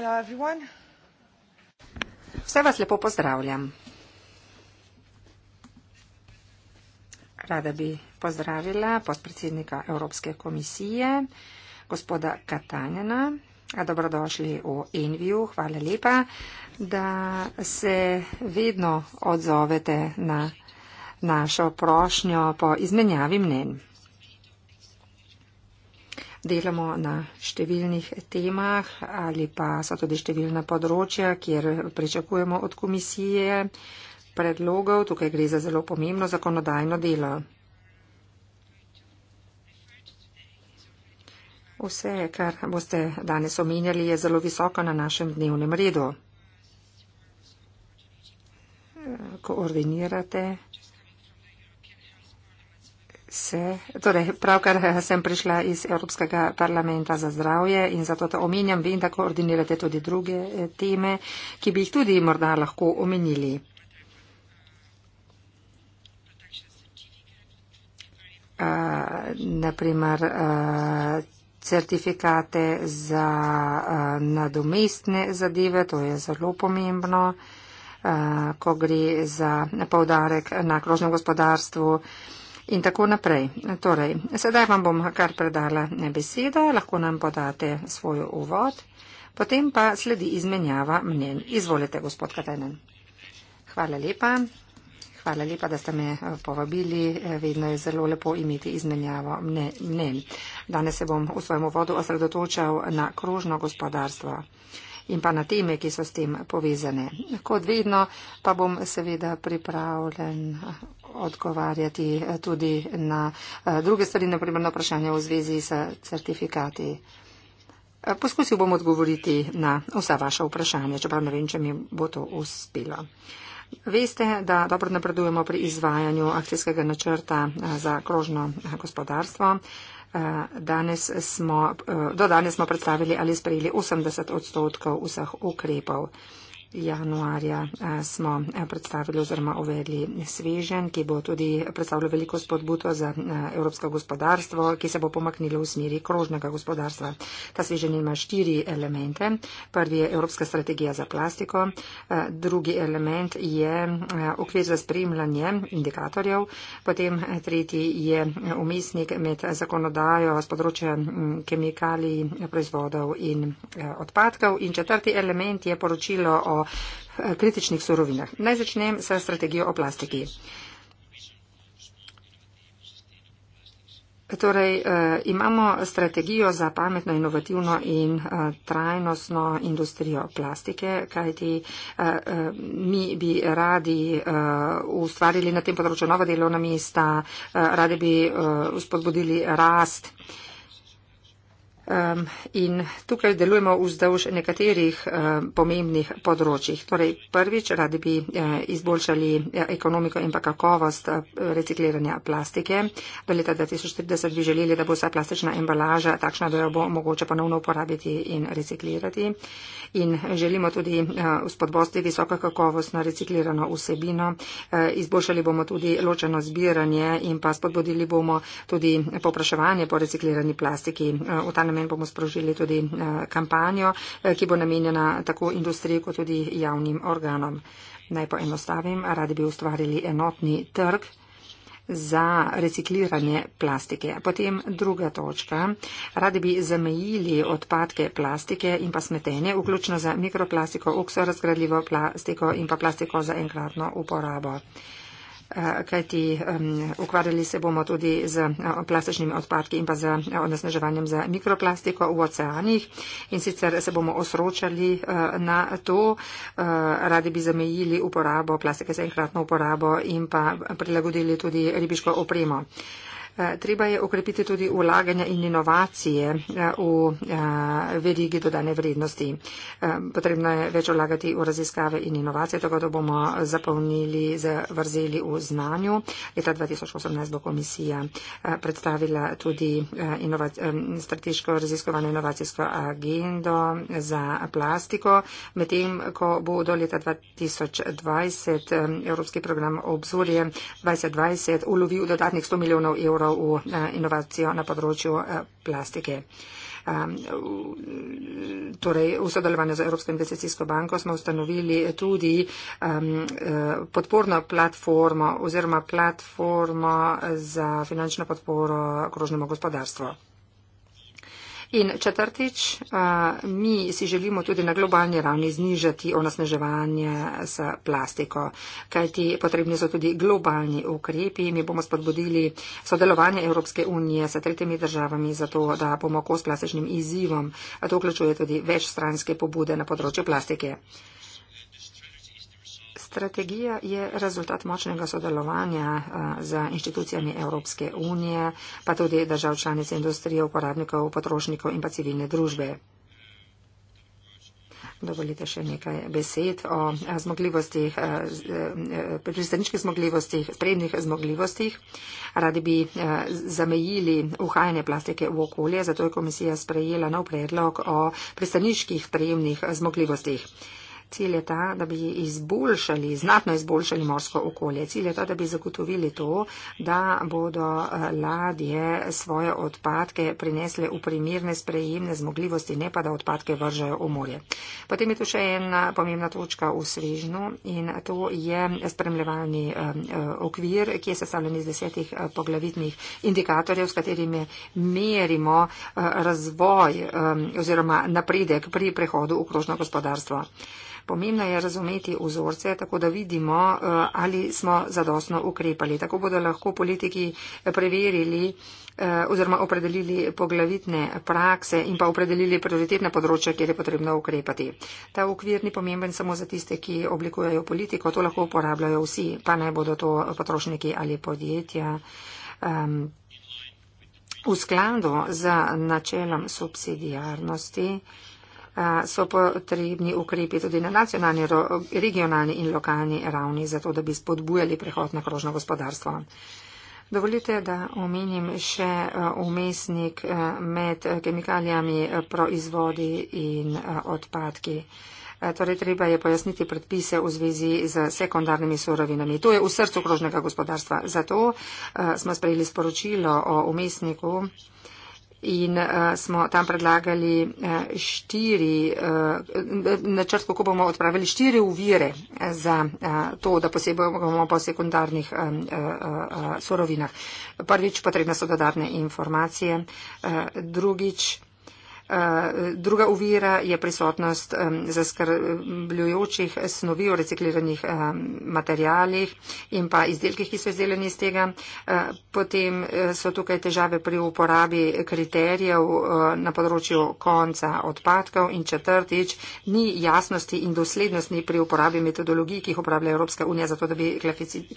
Hello everyone. Vse vas lepo pozdravljam. Rada bi pozdravila podpredsednika Evropske komisije, gospoda Katanjana. Dobrodošli v Enviju. Hvala lepa, da se vedno odzovete na našo prošnjo po izmenjavi mnenj delamo na številnih temah ali pa so tudi številna področja, kjer pričakujemo od komisije predlogov. Tukaj gre za zelo pomembno zakonodajno delo. Vse, kar boste danes omenjali, je zelo visoko na našem dnevnem redu. Koordinirate Se, torej, pravkar eh, sem prišla iz Evropskega parlamenta za zdravje in zato to omenjam, vem, da koordinirate tudi druge eh, teme, ki bi jih tudi morda lahko omenili. Uh, eh, naprimer, uh, certifikate za uh, nadomestne zadeve, to je zelo pomembno, uh, ko gre za poudarek na krožnem gospodarstvu. Uh, in tako naprej. Torej, sedaj vam bom kar predala besedo, lahko nam podate svoj uvod, potem pa sledi izmenjava mnen. Izvolite, gospod Katenen. Hvala lepa. Hvala lepa, da ste me eh, povabili. Eh, vedno je zelo lepo imeti izmenjavo mnen. Danes se bom v svojem uvodu osredotočal na krožno gospodarstvo in pa na teme, ki so s tem povezane. Kot vedno pa bom seveda pripravljen odgovarjati eh, tudi na eh, druge stvari, naprimer na vprašanje v zvezi s certifikati. Eh, poskusil bom odgovoriti na vsa vaša vprašanja, čeprav ne vem, če mi bo to uspelo. Veste, da dobro napredujemo pri izvajanju akcijskega načrta za krožno gospodarstvo danes smo, eh, do danes smo predstavili ali sprejeli 80 odstotkov vseh ukrepov januarja eh, smo eh, predstavili oziroma uvedli svežen, ki bo tudi predstavljal veliko spodbudo za eh, evropsko gospodarstvo, ki se bo pomaknilo v smeri krožnega gospodarstva. Ta svežen ima štiri elemente. Prvi je Evropska strategija za plastiko, drugi element je okvir za spremljanje indikatorjev, potem tretji je umestnik med zakonodajo z področja kemikalij, proizvodov in odpadkov in četrti element je poročilo o kritičnih surovinah. Naj začnem s strategijo o plastiki. Torej, eh, imamo strategijo za pametno, inovativno in eh, trajnostno industrijo plastike, kajti eh, eh mi bi radi eh, ustvarili na tem področju nova delovna mesta, eh, radi bi eh, spodbudili rast. Eh, um, in tukaj delujemo vzdolž nekaterih um, pomembnih področjih. Torej, prvič, radi bi uh, izboljšali e, ekonomiko in pa kakovost e, recikliranja plastike. Do leta 2040 bi želeli, da bo vsa plastična embalaža takšna, da jo bo mogoče ponovno uporabiti in reciklirati. In želimo tudi vzpodbosti uh, visoko kakovostno reciklirano vsebino. Uh, izboljšali bomo tudi ločeno zbiranje in pa spodbudili bomo tudi popraševanje po reciklirani plastiki. Uh, namen bomo sprožili tudi eh, kampanjo, eh, ki bo namenjena tako industriji kot tudi javnim organom. Naj poenostavim, radi bi ustvarili enotni trg za recikliranje plastike. Potem druga točka. Radi bi zamejili odpadke plastike in pa smetenje, vključno za mikroplastiko, okso, razgradljivo plastiko in pa plastiko za enkratno uporabo. Uh, kajti um, ukvarjali se bomo tudi z uh, plastičnimi odpadki in pa z uh, onesnaževanjem za mikroplastiko v oceanih. In sicer se bomo osročali uh, na to, uh, radi bi zamejili uporabo plastike za enkratno uporabo in pa prilagodili tudi ribiško opremo. Uh, Eh, treba je okrepiti tudi ulaganja in inovacije eh, v eh, verigi dodane vrednosti. Potrebno je več ulagati v raziskave in inovacije, tako da bomo zapolnili z vrzeli v znanju. Leta 2018 bo komisija predstavila tudi strateško raziskovanje inovacijsko agendo za plastiko, medtem ko bo do leta 2020 Evropski program obzorje 2020 ulovil dodatnih 100 milijonov evrov vlagal v inovacijo na področju eh, plastike. Ehm, torej, v sodelovanju z Evropsko investicijsko banko smo ustanovili tudi ehm, eh, podporno platformo oziroma platformo za finančno podporo krožnemu gospodarstvu. In četrtič, mi si želimo tudi na globalni ravni znižati onasneževanje s plastiko, kajti potrebni so tudi globalni ukrepi. Mi bomo spodbudili sodelovanje Evropske unije s tretjimi državami, zato da bomo kos plastičnim izzivom. To vključuje tudi večstranske pobude na področju plastike strategija je rezultat močnega sodelovanja eh, z inštitucijami Evropske unije, pa tudi držav članice industrije, uporabnikov, potrošnikov in pa civilne družbe. Dovolite še nekaj besed o eh, zmogljivostih, eh, pristaniških zmogljivostih, sprednjih zmogljivostih. Radi bi zamejili uhajanje plastike v okolje, zato je komisija sprejela nov predlog o pristaniških prejemnih zmogljivostih. Cilj je ta, da bi izboljšali, znatno izboljšali morsko okolje. Cilj je ta, da bi zagotovili to, da bodo eh, ladje svoje odpadke prinesle v primirne sprejemne zmogljivosti, ne pa da odpadke vržajo v morje. Potem je tu še ena pomembna točka v svežnu in to je spremljevalni eh, eh, okvir, ki je sestavljen iz desetih poglavitnih indikatorjev, s katerimi merimo razvoj oziroma napredek pri prehodu v krožno gospodarstvo. Pomembno je razumeti vzorce, tako da vidimo, eh, ali smo zadostno ukrepali. Tako bodo lahko politiki preverili eh, oziroma opredelili poglavitne prakse in pa opredelili prioritetne področja, kjer je potrebno ukrepati. Ta okvir ni pomemben samo za tiste, ki oblikujejo politiko, to lahko uporabljajo vsi, pa naj bodo to potrošniki ali podjetja. Um, v skladu z načelom subsidijarnosti so potrebni ukrepi tudi na nacionalni, regionalni in lokalni ravni, zato da bi spodbujali prehod na krožno gospodarstvo. Dovolite, da omenim še umestnik med kemikalijami, proizvodi in odpadki. Torej, treba je pojasniti predpise v zvezi z sekundarnimi surovinami. To je v srcu krožnega gospodarstva. Zato smo sprejeli sporočilo o umestniku in uh, smo tam predlagali uh, štiri, uh, načrt, kako bomo odpravili štiri uvire za uh, to, da posebej bomo po sekundarnih uh, uh, uh, surovinah. Prvič, potrebne so dodatne informacije. Uh, drugič, Druga uvira je prisotnost zaskrbljujočih snovi v recikliranih materijalih in pa izdelkih, ki so izdelani iz tega. Potem e, so tukaj težave pri uporabi kriterijev e, na področju konca odpadkov in četrtič ni jasnosti in doslednosti pri uporabi metodologij, ki jih uporablja Evropska unija, zato da bi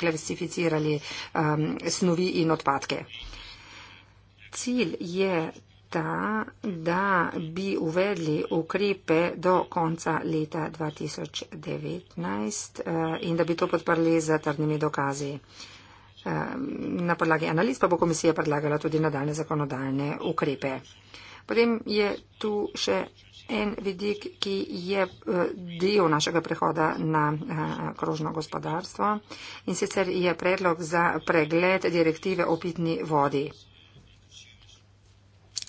klasificirali snovi in odpadke. Cilj je ta, da bi uvedli ukrepe do konca leta 2019 eh, in da bi to podprli z trdnimi dokazi. Eh, na podlagi analiz pa bo komisija predlagala tudi nadaljne zakonodajne ukrepe. Potem je tu še en vidik, ki je eh, del našega prehoda na krožno gospodarstvo in sicer je predlog za pregled direktive o pitni vodi.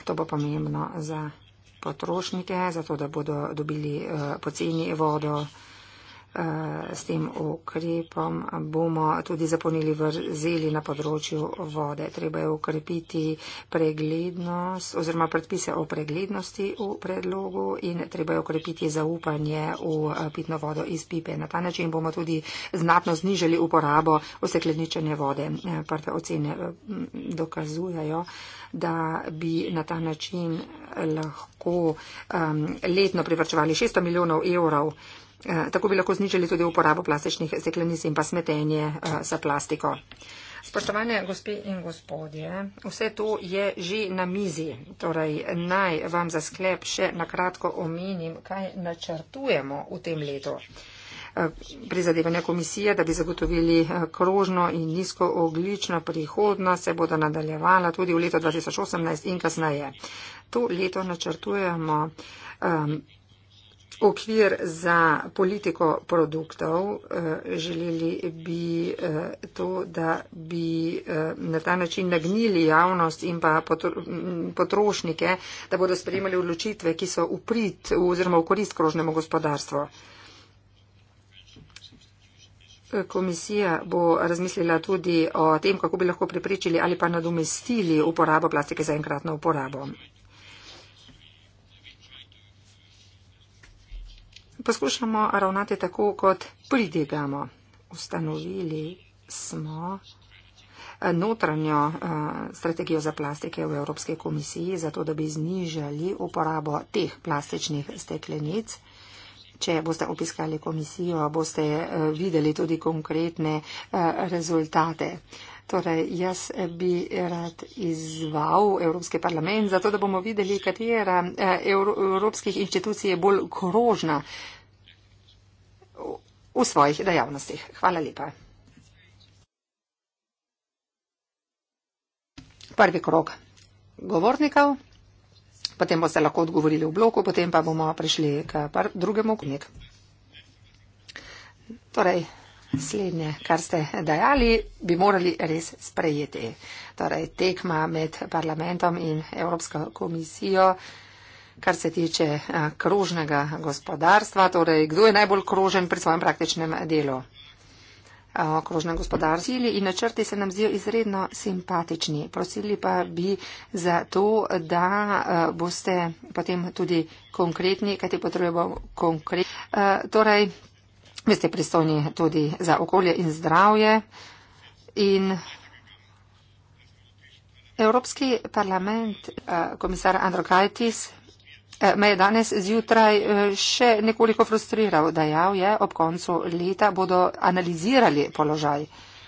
To bo pomembno za potrošnike, zato da bodo dobili eh, poceni vodo s tem ukrepom bomo tudi zapolnili vrzeli na področju vode. Treba je ukrepiti preglednost oziroma predpise o preglednosti v predlogu in treba je ukrepiti zaupanje v pitno vodo iz pipe. Na ta način bomo tudi znatno znižali uporabo osekleničene vode. Prve ocene eh, dokazujejo, da bi na ta način lahko um, letno privrčevali 600 milijonov evrov. Eh, tako bi lahko znižali tudi uporabo plastičnih steklenic in pa smetenje eh, za plastiko. Spoštovane gospe in gospodje, vse to je že na mizi. Torej, naj vam za sklep še nakratko omenim, kaj načrtujemo v tem letu. Eh, prizadevanja komisije, da bi zagotovili krožno in nizkooglično prihodnost, se bodo nadaljevala tudi v letu 2018 in kasneje. To leto načrtujemo. Um, okvir za politiko produktov. Eh, želeli bi eh, to, da bi eh, na ta način nagnili javnost in pa potrošnike, da bodo sprejemali odločitve, ki so v prid oziroma v korist krožnemu gospodarstvu. Komisija bo razmislila tudi o tem, kako bi lahko preprečili ali pa nadomestili uporabo plastike za enkratno uporabo. poskušamo ravnati tako, kot pridigamo. Ustanovili smo eh, notranjo eh, strategijo za plastike v Evropske komisiji, zato da bi znižali uporabo teh plastičnih steklenic. Če boste obiskali komisijo, boste eh, videli tudi konkretne rezultate. Torej, jaz bi rad izval Evropski parlament, zato da bomo videli, katera evropskih inštitucij je bolj krožna, v svojih dejavnostih. Hvala lepa. Prvi krok govornikov, potem boste lahko odgovorili v bloku, potem pa bomo prišli k drugemu krok. Torej, slednje, kar ste dajali, bi morali res sprejeti. Torej, tekma med parlamentom in Evropsko komisijo kar se tiče krožnega gospodarstva, torej kdo je najbolj krožen pri svojem praktičnem delu. Okrožne gospodarstvo in načrti se nam zdijo izredno simpatični. Prosili pa bi za to, da boste potem tudi konkretni, kaj ti potrebujemo konkretni. Torej, vi ste pristojni tudi za okolje in zdravje. In Evropski parlament, komisar Andro Kajtis, Eh, me je danes zjutraj eh, še nekoliko frustriral, dejal je, ob koncu leta bodo analizirali položaj.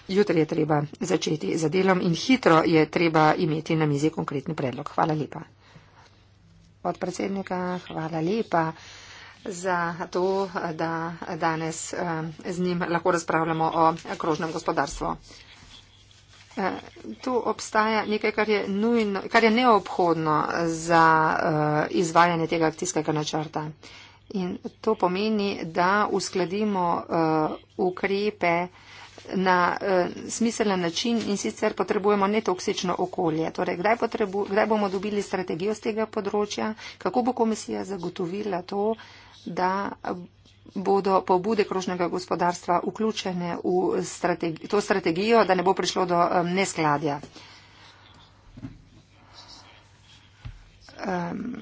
Jutri je treba začeti za delom in hitro je treba imeti na mizi konkretni predlog. Hvala lepa. Od predsednika, hvala lepa za to, da danes eh, z njim lahko razpravljamo o krožnem gospodarstvu. Eh, tu obstaja nekaj, kar je, nujno, kar je neobhodno za eh, izvajanje tega akcijskega načrta. In to pomeni, da uskladimo eh, ukrepe na smiselen način in sicer potrebujemo netoksično okolje. Torej, kdaj, potrebu, kdaj bomo dobili strategijo z tega področja, kako bo komisija zagotovila to, da bodo pobude krožnega gospodarstva vključene v strategi to strategijo, da ne bo prišlo do um, neskladja. Um,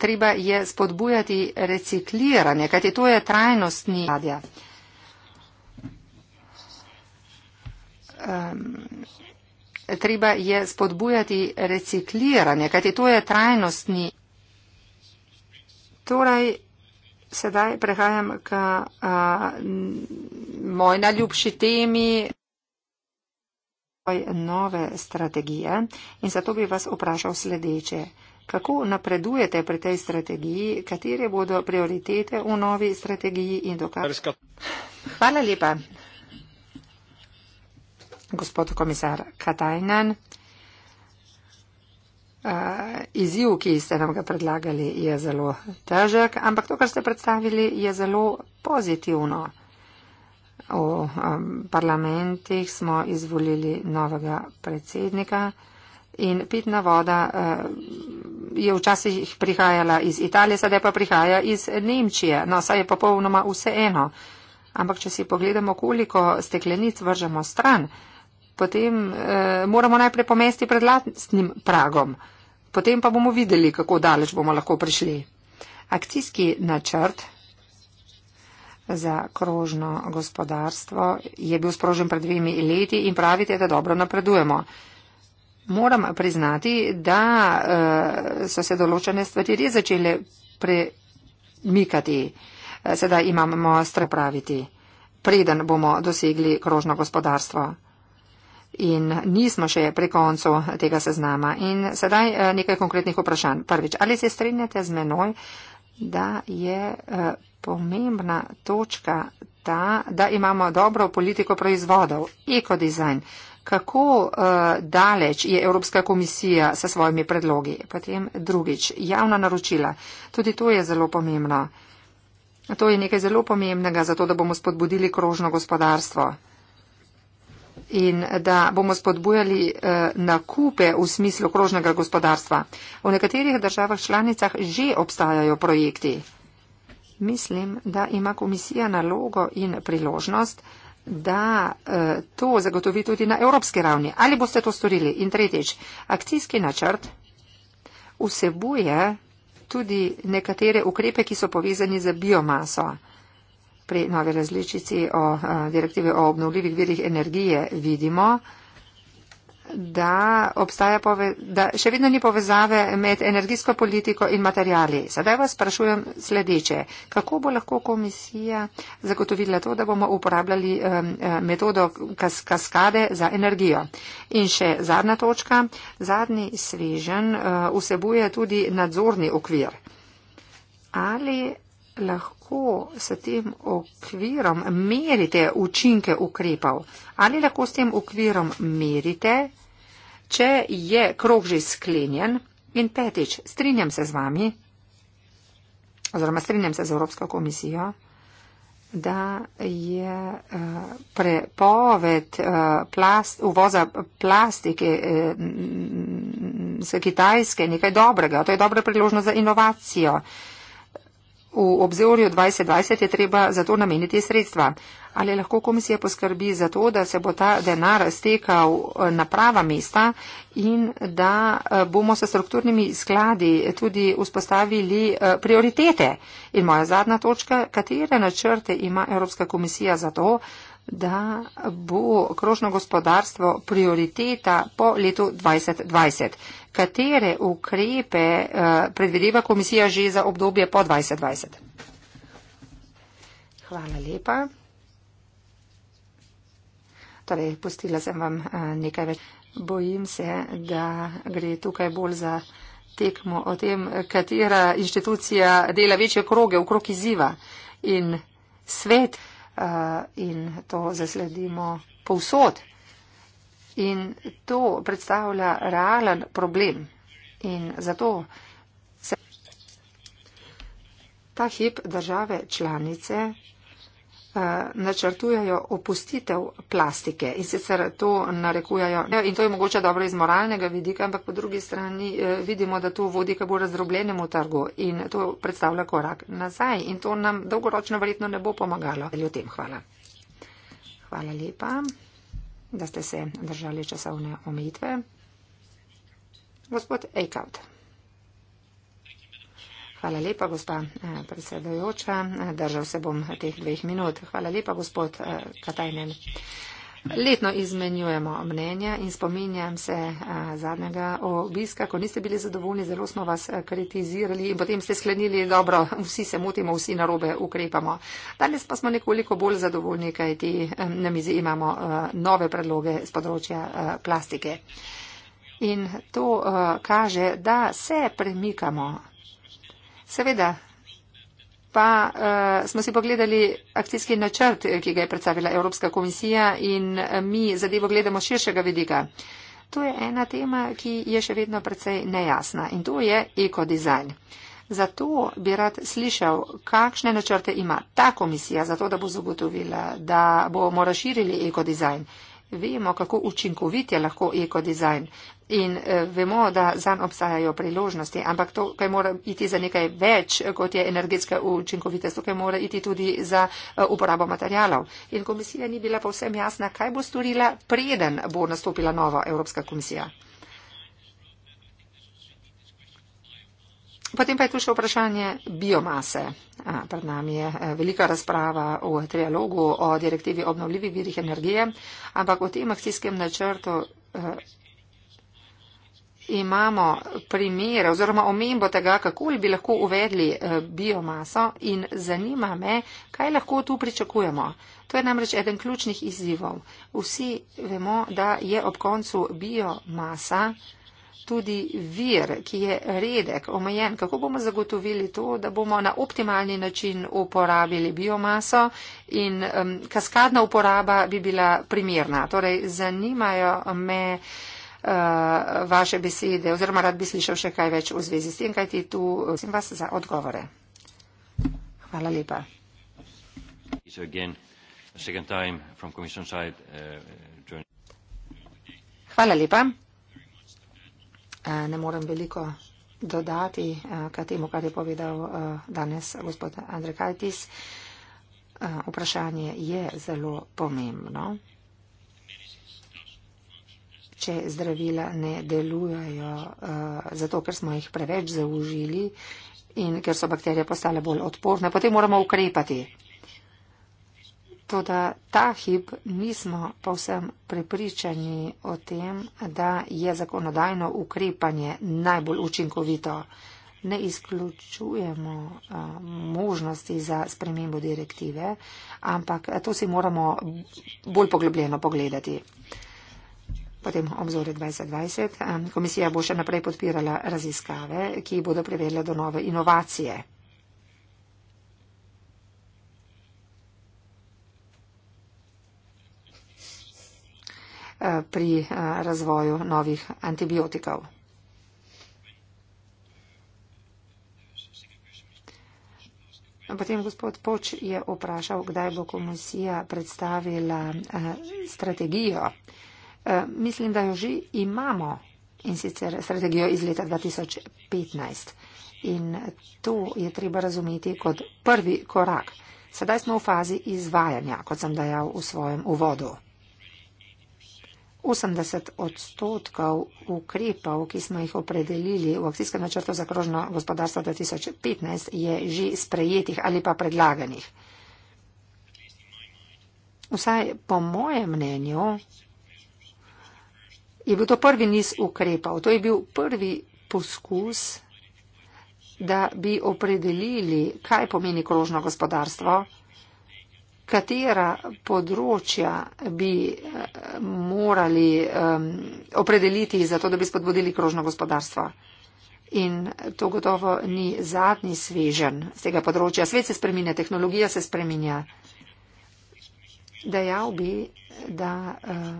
treba je spodbujati recikliranje, kajti to je trajnostni skladja. Um, treba je spodbujati recikliranje, kajti to je trajnostni. Torej, sedaj prehajam k a, moj najljubši temi nove strategije in zato bi vas vprašal sledeče. Kako napredujete pri tej strategiji, katere bodo prioritete v novi strategiji in dokaj? Hvala lepa. Gospod komisar Katajnan izziv, ki ste nam ga predlagali, je zelo težek, ampak to, kar ste predstavili, je zelo pozitivno. V um, parlamentih smo izvolili novega predsednika in pitna voda je včasih prihajala iz Italije, sedaj pa prihaja iz Nemčije. No, saj je popolnoma vse eno. Ampak če si pogledamo, koliko steklenic vržemo stran, potem eh, moramo najprej pomesti pred lastnim pragom potem pa bomo videli, kako daleč bomo lahko prišli. Akcijski načrt za krožno gospodarstvo je bil sprožen pred dvemi leti in pravite, da dobro napredujemo. Moram priznati, da uh, so se določene stvari res začele premikati. Eh, sedaj imamo strepraviti, preden bomo dosegli krožno gospodarstvo in nismo še pri koncu tega seznama. In sedaj eh, nekaj konkretnih vprašanj. Prvič, ali se strinjate z menoj, da je eh, pomembna točka ta, da imamo dobro politiko proizvodov, ekodizajn? Kako uh, daleč je Evropska komisija sa svojimi predlogi? Potem drugič, javna naročila. Tudi to je zelo pomembno. To je nekaj zelo pomembnega, zato da bomo spodbudili krožno gospodarstvo. Uh, in da bomo spodbujali eh, nakupe v smislu krožnega gospodarstva. V nekaterih državah članicah že obstajajo projekti. Mislim, da ima komisija nalogo in priložnost, da eh, to zagotovi tudi na evropski ravni. Ali boste to storili? In tretjič, akcijski načrt vsebuje tudi nekatere ukrepe, ki so povezani z biomaso pri novi različici o direktive o obnovljivih virih energije vidimo, da obstaja, pove, da še vedno ni povezave med energijsko politiko in materijali. Sedaj vas sprašujem sledeče. Kako bo lahko komisija zagotovila to, da bomo uporabljali um, metodo kas, kaskade za energijo? In še zadnja točka. Zadnji svežen uh, vsebuje tudi nadzorni okvir. Ali lahko lahko s tem okvirom merite učinke ukrepov? Ali lahko s tem okvirom merite, če je krog že sklenjen? In petič, strinjam se z vami, oziroma strinjam se z Evropsko komisijo, da je eh, prepoved eh, plast, uvoza plastike z eh, Kitajske nekaj dobrega. To je dobra priložnost za inovacijo. V obzorju 2020 je treba za to nameniti sredstva. Ali lahko komisija poskrbi za to, da se bo ta denar stekal eh, na prava mesta in da eh, bomo s strukturnimi skladi tudi vzpostavili eh, prioritete? In moja zadnja točka, katere načrte ima Evropska komisija za to, da bo krožno gospodarstvo prioriteta po letu 2020? katere ukrepe uh, predvideva komisija že za obdobje po 2020? Hvala lepa. Torej, postila sem vam uh, nekaj več. Bojim se, da gre tukaj bolj za tekmo o tem, katera inštitucija dela večje kroge, okrog izziva in svet uh, in to zasledimo povsod. In to predstavlja realen problem. In zato se ta hip države članice eh, načrtujajo opustitev plastike in sicer to narekujajo. In to je mogoče dobro iz moralnega vidika, ampak po drugi strani eh, vidimo, da to vodi k bolj razdrobljenemu trgu in to predstavlja korak nazaj in to nam dolgoročno verjetno ne bo pomagalo. Ljudem hvala. Hvala lepa da ste se držali časovne omejitve. Gospod Eikaut. Hvala lepa, gospa eh, predsedojoča. Držal se bom teh dveh minut. Hvala lepa, gospod eh, Katajnen. Letno izmenjujemo mnenja in spominjam se zadnjega obiska, ko niste bili zadovoljni, zelo smo vas kritizirali in potem ste sklenili, dobro, vsi se motimo, vsi narobe ukrepamo. Danes pa smo nekoliko bolj zadovoljni, kaj ti na mizi imamo nove predloge z področja plastike. In to kaže, da se premikamo. Seveda, pa uh, smo si pogledali akcijski načrt, eh, ki ga je predstavila Evropska komisija in eh, mi zadevo gledamo širšega vidika. To je ena tema, ki je še vedno precej nejasna in to je ekodizajn. Zato bi rad slišal, kakšne načrte ima ta komisija, zato da bo zagotovila, da bomo razširili ekodizajn vemo, kako učinkovit je lahko ekodizajn in eh, vemo, da zanj obstajajo priložnosti, ampak to, kaj mora iti za nekaj več, kot je energetska učinkovitost, to, kaj mora iti tudi za eh, uporabo materialov. In komisija ni bila povsem jasna, kaj bo storila, preden bo nastopila nova Evropska komisija. Potem pa je tu še vprašanje biomase. Pred nami je e, velika razprava v trialogu o direktivi obnovljivih virih energije, ampak v tem akcijskem načrtu e, imamo primere oziroma omembo tega, kako bi lahko uvedli e, biomaso in zanima me, kaj lahko tu pričakujemo. To je namreč eden ključnih izzivov. Vsi vemo, da je ob koncu biomasa tudi vir, ki je redek, omejen. Kako bomo zagotovili to, da bomo na optimalni način uporabili biomaso in um, kaskadna uporaba bi bila primirna? Torej, zanimajo me uh, vaše besede oziroma rad bi slišal še kaj več v zvezi s tem, kaj ti tu. Uh, prosim vas za odgovore. Hvala lepa. Uh, Hvala lepa. Eh, ne morem veliko dodati eh, k temu, kar je povedal eh, danes gospod Andrej Kajtis. Vprašanje je zelo pomembno. Če zdravila ne delujejo zato, ker smo jih preveč zaužili in ker so bakterije postale bolj odporne, potem moramo ukrepati. Toda ta hip nismo povsem prepričani o tem, da je zakonodajno ukrepanje najbolj učinkovito. Ne izključujemo a, možnosti za spremembo direktive, ampak to si moramo bolj poglobljeno pogledati. Potem obzore 2020. Komisija bo še naprej podpirala raziskave, ki bodo privedle do nove inovacije. Eh, pri eh, razvoju novih antibiotikov. Potem gospod Poč je vprašal, kdaj bo komisija predstavila eh, strategijo. Mislim, da jo že imamo in sicer strategijo iz leta 2015. In to je treba razumeti kot prvi korak. Sedaj smo v fazi izvajanja, kot sem dejal v svojem uvodu. 80 odstotkov ukrepov, ki smo jih opredelili v akcijskem načrtu za krožno gospodarstvo 2015, je že sprejetih ali pa predlaganih. Vsaj po mojem mnenju je bil to prvi niz ukrepov. To je bil prvi poskus, da bi opredelili, kaj pomeni krožno gospodarstvo katera področja bi eh, morali um, opredeliti za to, da bi spodbudili krožno gospodarstvo. In to gotovo ni zadnji svežen z tega področja. Svet se spreminja, tehnologija se spreminja. Dejal bi, da uh,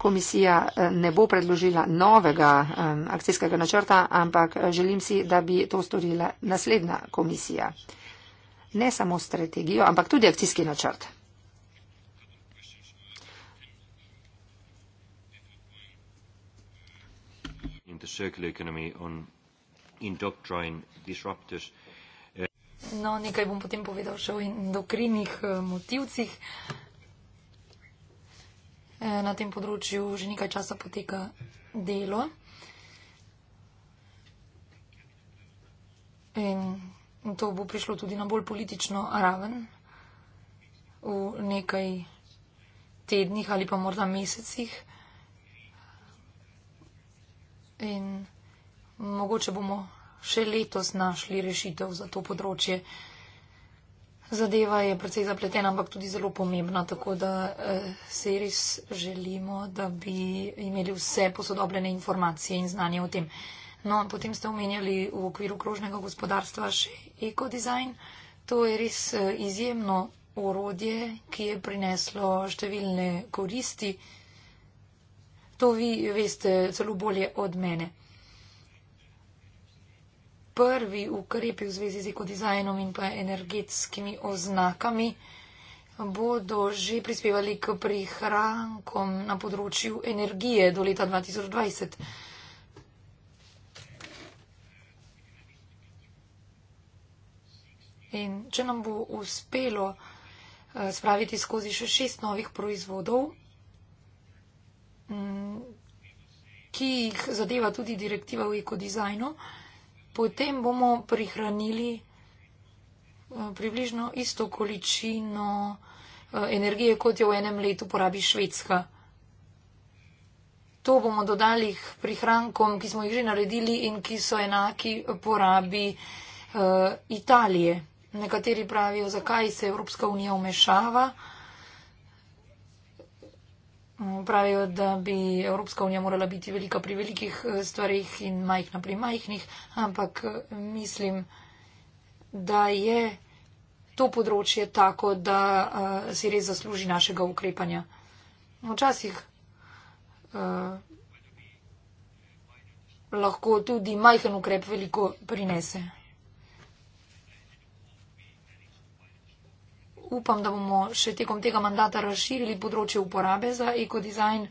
komisija eh, ne bo predložila novega um, akcijskega načrta, ampak želim si, da bi to storila naslednja komisija ne samo strategijo, ampak tudi akcijski načrt. No, nekaj bom potem povedal še o endokrinih eh, motivcih. Eh, na tem področju že nekaj časa poteka delo. In to bo prišlo tudi na bolj politično raven v nekaj tednih ali pa morda mesecih. In mogoče bomo še letos našli rešitev za to področje. Zadeva je precej zapletena, ampak tudi zelo pomembna, tako da eh, se res želimo, da bi imeli vse posodobljene informacije in znanje o tem. No, potem ste omenjali v okviru krožnega gospodarstva še ekodizajn. To je res eh, izjemno orodje, ki je prineslo številne koristi. To vi veste celo bolje od mene. Prvi ukrepi v zvezi z ekodizajnom in pa energetskimi oznakami bodo že prispevali k prihrankom na področju energije do leta 2020. In če nam bo uspelo eh, spraviti skozi še šest novih proizvodov, mm, ki jih zadeva tudi direktiva v ekodizajnu, potem bomo prihranili eh, približno isto količino eh, energije, kot jo v enem letu porabi Švedska. To bomo dodali k prihrankom, ki smo jih že naredili in ki so enaki porabi uh, Italije. Nekateri pravijo, zakaj se Evropska unija umešava. Pravijo, da bi Evropska unija morala biti velika pri velikih eh, stvarih in majhna pri majhnih, ampak eh, mislim, da je to področje tako, da eh, si res zasluži našega ukrepanja. Včasih uh, lahko tudi majhen ukrep veliko prinese. upam, da bomo še tekom tega mandata razširili področje uporabe za ekodizajn.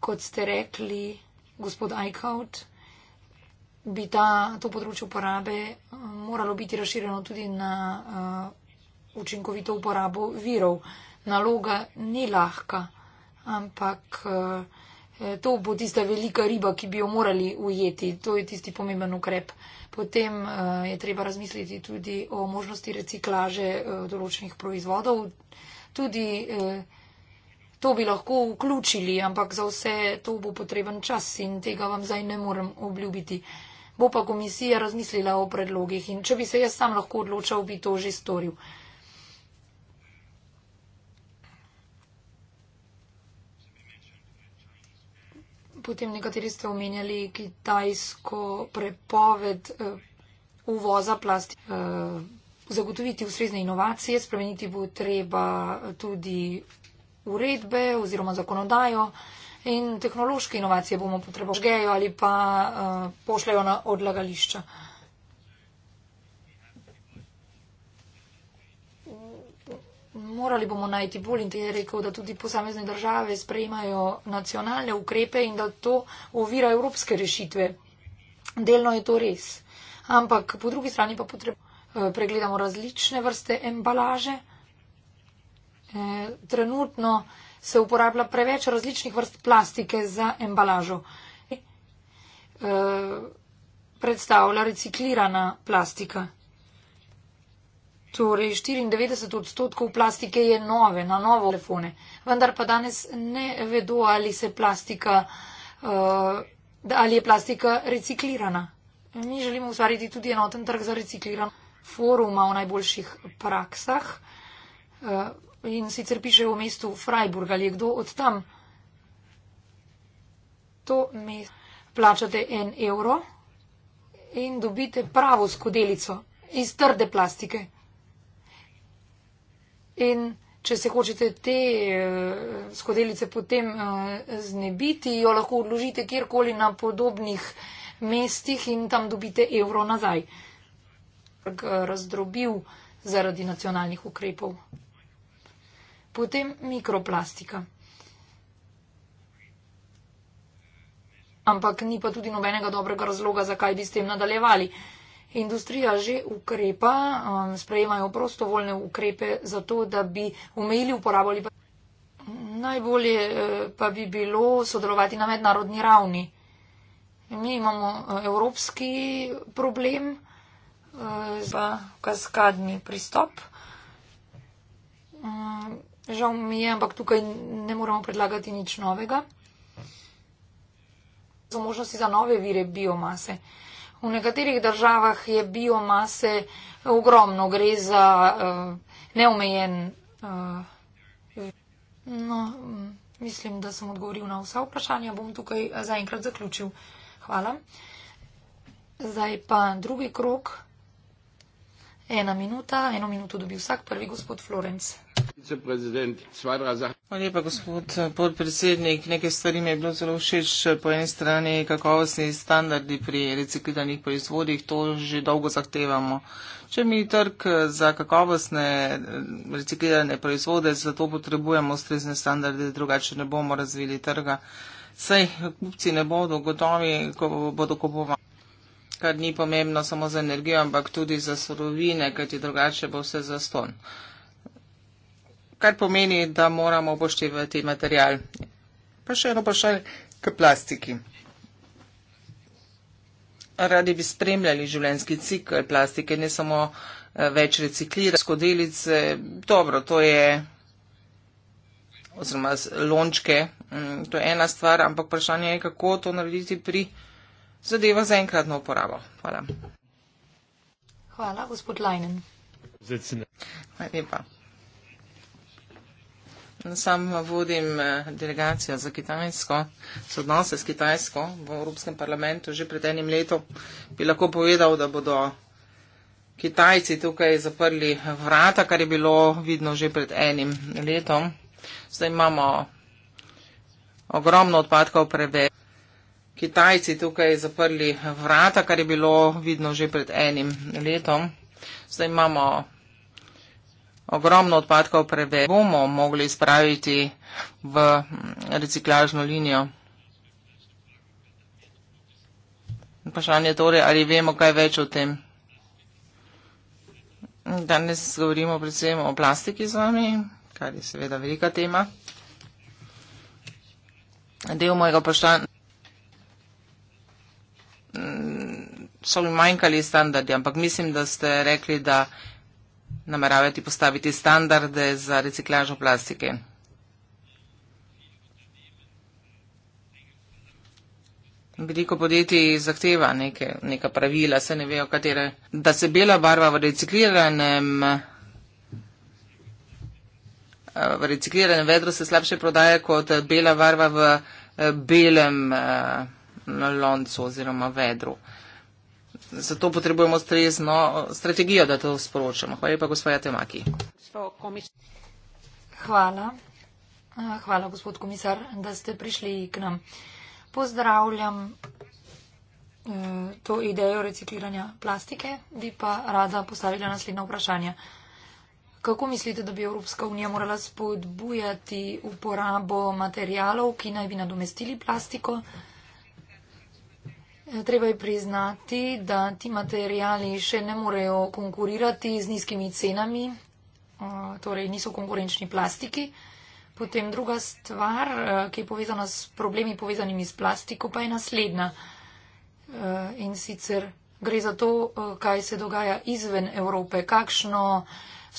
Kot ste rekli, gospod Eichhout, bi ta, to področje uporabe eh, moralo biti razširjeno tudi na uh, učinkovito uporabo virov. Naloga ni lahka, ampak. Uh, Eh, to bo tista velika riba, ki bi jo morali ujeti. To je tisti pomemben ukrep. Potem eh, je treba razmisliti tudi o možnosti reciklaže eh, določenih proizvodov. Tudi to bi lahko vključili, ampak za vse to bo potreben čas in tega vam zdaj ne morem obljubiti. Bo pa komisija razmislila o predlogih in če bi se jaz sam lahko odločal, bi to že storil. potem nekateri ste omenjali kitajsko prepoved uh, uvoza plasti. Uh, eh, zagotoviti ustrezne inovacije, spremeniti bo treba tudi uredbe oziroma zakonodajo in tehnološke inovacije bomo potrebovali, žgejo ali pa uh, pošljajo na odlagališča. Uh, morali bomo najti bolj in te je rekel, da tudi posamezne države sprejmajo nacionalne ukrepe in da to ovira evropske rešitve. Delno je to res. Ampak po drugi strani pa eh, pregledamo različne vrste embalaže. E, trenutno se uporablja preveč različnih vrst plastike za embalažo. E, predstavlja reciklirana plastika. Torej, 94 odstotkov plastike je nove, na novo telefone. Vendar pa danes ne vedo, ali, plastika, uh, ali je plastika reciklirana. Mi želimo ustvariti tudi enoten trg za recikliran foruma o najboljših praksah. Uh, in sicer piše v mestu Freiburg ali je kdo od tam. To mest plačate en evro in dobite pravo skodelico iz trde plastike. In če se hočete te eh, skodelice potem eh, znebiti, jo lahko odložite kjerkoli na podobnih mestih in tam dobite evro nazaj. Eh, razdrobil zaradi nacionalnih ukrepov. Potem mikroplastika. Ampak ni pa tudi nobenega dobrega razloga, zakaj bi s tem nadaljevali industrija že ukrepa, um, sprejemajo prostovoljne ukrepe za to, da bi omejili uporabo ali pa. Najbolje eh, pa bi bilo sodelovati na mednarodni ravni. Mi imamo eh, evropski problem, pa eh, kaskadni pristop. Mm, žal mi je, ampak tukaj ne moramo predlagati nič novega. So možnosti za nove vire biomase. V nekaterih državah je biomase ogromno, gre za eh, neomejen. Eh, no, mm, mislim, da sem odgovoril na vsa vprašanja, bom tukaj eh, zaenkrat zaključil. Hvala. Zdaj pa drugi krok. Ena minuta, eno minuto dobi vsak prvi gospod Florenc. Hvala lepa, gospod eh, podpredsednik. Nekaj stvari mi je bilo zelo všeč. Po eni strani kakovostni standardi pri recikliranih proizvodih, to že dolgo zahtevamo. Če mi trg eh, za kakovostne eh, reciklirane proizvode, zato potrebujemo ustrezne standarde, drugače ne bomo razvili trga. Saj kupci ne bodo gotovi, ko bodo kupovali kar ni pomembno samo za energijo, ampak tudi za sorovine, kajti drugače bo vse zaston kar pomeni, da moramo upoštevati material. Pa še eno vprašanje k plastiki. Radi bi spremljali življenjski cikl plastike, ne samo eh, več reciklirati skodelice. Dobro, to je oziroma lončke, mm, to je ena stvar, ampak vprašanje je, kako to narediti pri zadeva za enkratno uporabo. Hvala. Hvala, gospod Lajnen. Hvala lepa. Sam vodim eh, delegacijo za Kitajsko, za odnose s Kitajsko v Evropskem parlamentu že pred enim letom. Bi lahko povedal, da bodo Kitajci tukaj zaprli vrata, kar je bilo vidno že pred enim letom. Zdaj imamo ogromno odpadkov preveč. Kitajci tukaj zaprli vrata, kar je bilo vidno že pred enim letom. Zdaj imamo ogromno odpadkov preveč bomo mogli spraviti v mm, reciklažno linijo. Vprašanje torej, ali vemo kaj več o tem. Danes govorimo predvsem o plastiki z vami, kar je seveda velika tema. Del mojega vprašanja. Mm, so mi manjkali standardi, ampak mislim, da ste rekli, da nameravati postaviti standarde za reciklažo plastike? Veliko podjetij zahteva neke, neka pravila, se ne vejo katere. Da se bela barva v recikliranem, v recikliranem vedru se slabše prodaja kot bela barva v eh, belem eh, loncu oziroma vedru zato potrebujemo strezno eh, strategijo, da to sporočamo. Hvala lepa, gospoda Temaki. Hvala. Eh, hvala, gospod komisar, da ste prišli k nam. Pozdravljam eh, to idejo recikliranja plastike, bi pa rada postavila naslednje vprašanje. Kako mislite, da bi Evropska unija morala spodbujati uporabo materijalov, ki naj bi nadomestili plastiko? Treba je priznati, da ti materijali še ne morejo konkurirati z nizkimi cenami, eh, torej niso konkurenčni plastiki. Potem druga stvar, eh, ki je povezana s problemi povezanimi s plastiko, pa je naslednja. Eh, in sicer gre za to, kaj se dogaja izven Evrope, kakšno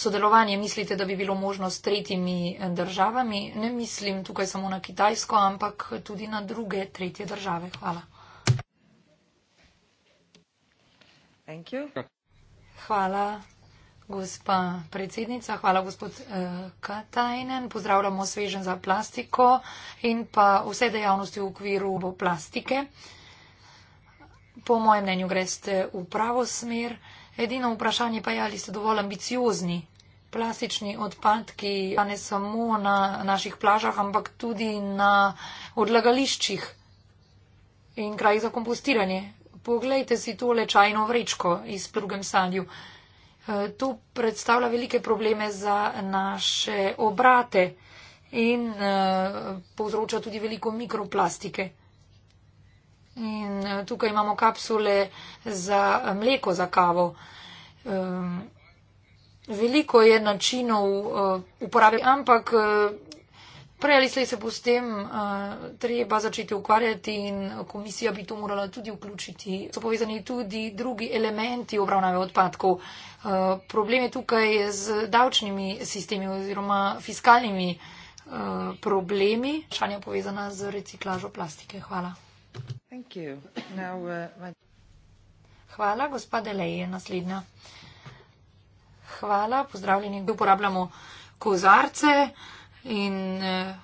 sodelovanje mislite, da bi bilo možno s tretjimi državami. Ne mislim tukaj samo na Kitajsko, ampak tudi na druge tretje države. Hvala. Thank you. Ja. Hvala, gospa predsednica. Hvala, gospod uh, Katajnen. Pozdravljamo svežen za plastiko in pa vse dejavnosti v okviru plastike. Po mojem mnenju greste v pravo smer. Edino vprašanje pa je, ali ste dovolj ambiciozni. Plastični odpadki ne samo na naših plažah, ampak tudi na odlagališčih in krajih za kompostiranje. Poglejte si tole čajno vrečko iz prugem sanju. E, to predstavlja velike probleme za naše obrate in e, povzroča tudi veliko mikroplastike. In e, tukaj imamo kapsule za mleko, za kavo. Veliko je načinov uporabe, ampak prej ali slej se bo s tem uh, treba začeti ukvarjati in komisija bi to morala tudi vključiti. So povezani tudi drugi elementi obravnave odpadkov. Uh, problem je tukaj z davčnimi sistemi oziroma fiskalnimi uh, problemi. Šanja povezana z reciklažo plastike. Hvala. Uh, Hvala, gospod Delej je naslednja. Hvala, pozdravljeni. Uporabljamo kozarce. Uh, In eh,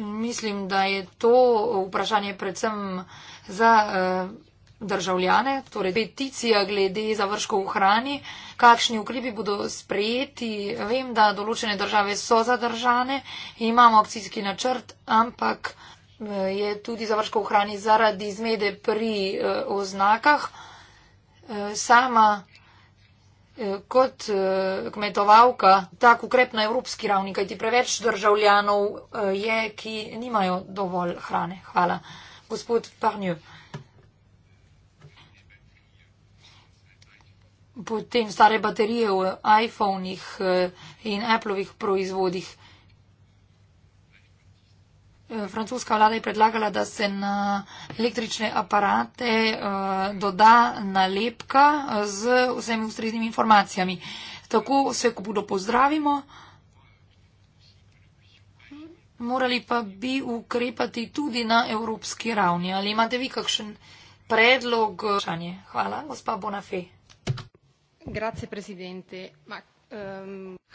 mislim, da je to vprašanje predvsem za eh, državljane, torej peticija glede završkov v hrani, kakšni ukrepi bodo sprejeti. Vem, da določene države so zadržane, imamo akcijski načrt, ampak eh, je tudi završkov v hrani zaradi zmede pri oznakah. Sama kot eh, kmetovalka tak ukrep na evropski ravni, kajti preveč državljanov eh, je, ki nimajo dovolj hrane. Hvala. Gospod Parnjo. Potem stare baterije v iPhone-ih eh, in Apple-ovih proizvodih. Eh, francoska vlada je predlagala, da se na električne aparate eh, doda nalepka eh, z vsemi ustreznimi informacijami. Tako vse, ko bodo pozdravimo, morali pa bi ukrepati tudi na evropski ravni. Ali imate vi kakšen predlog? Hvala, gospa Bonafé. Grazie, presidente. Ma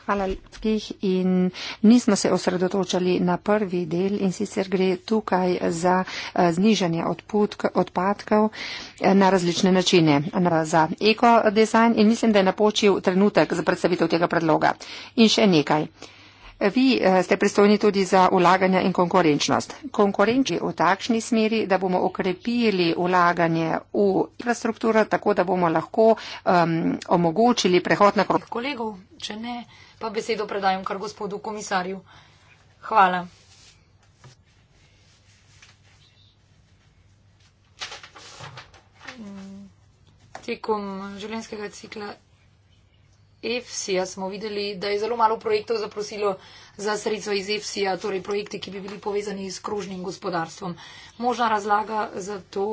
Hvala lepih in nismo se osredotočali na prvi del in sicer gre tukaj za eh, znižanje odputk, odpadkov eh, na različne načine, za ekodesign in mislim, da je napočil trenutek za predstavitev tega predloga. In še nekaj. Vi eh, ste predstavni tudi za ulaganja in konkurenčnost. Konkurenčni v takšni smeri, da bomo okrepili ulaganje v infrastrukturo, tako da bomo lahko um, omogočili prehod na krok. Kolegov, če ne, pa besedo predajam kar gospodu komisarju. Hvala. Tekom življenjskega cikla EFSI-ja smo videli, da je zelo malo projektov zaprosilo za sredstva iz EFSI-ja, torej projekti, ki bi bili povezani s krožnim gospodarstvom. Možna razlaga za to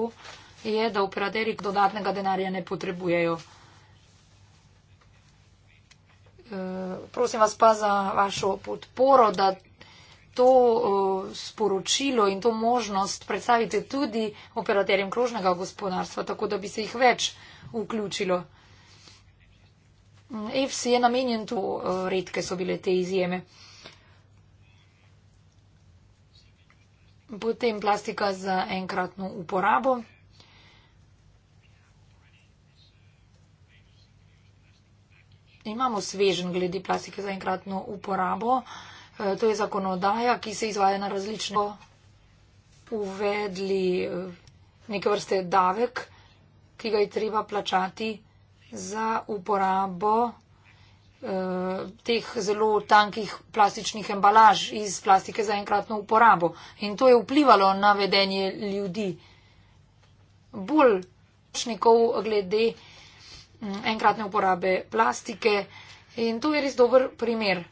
je, da operaterji dodatnega denarja ne potrebujejo. E, prosim vas pa za vašo podporo, da to e, sporočilo in to možnost predstavite tudi operaterjem krožnega gospodarstva, tako da bi se jih več vključilo. EFSI je namenjen to, eh, redke so bile te izjeme. Potem plastika za enkratno uporabo. Imamo svežen glede plastike za enkratno uporabo. Eh, to je zakonodaja, ki se izvaja na različno. Uvedli eh, neke vrste davek, ki ga je treba plačati za uporabo eh, teh zelo tankih plastičnih embalaž iz plastike za enkratno uporabo. In to je vplivalo na vedenje ljudi. Bolj šnikov glede mm, enkratne uporabe plastike. In to je res dober primer.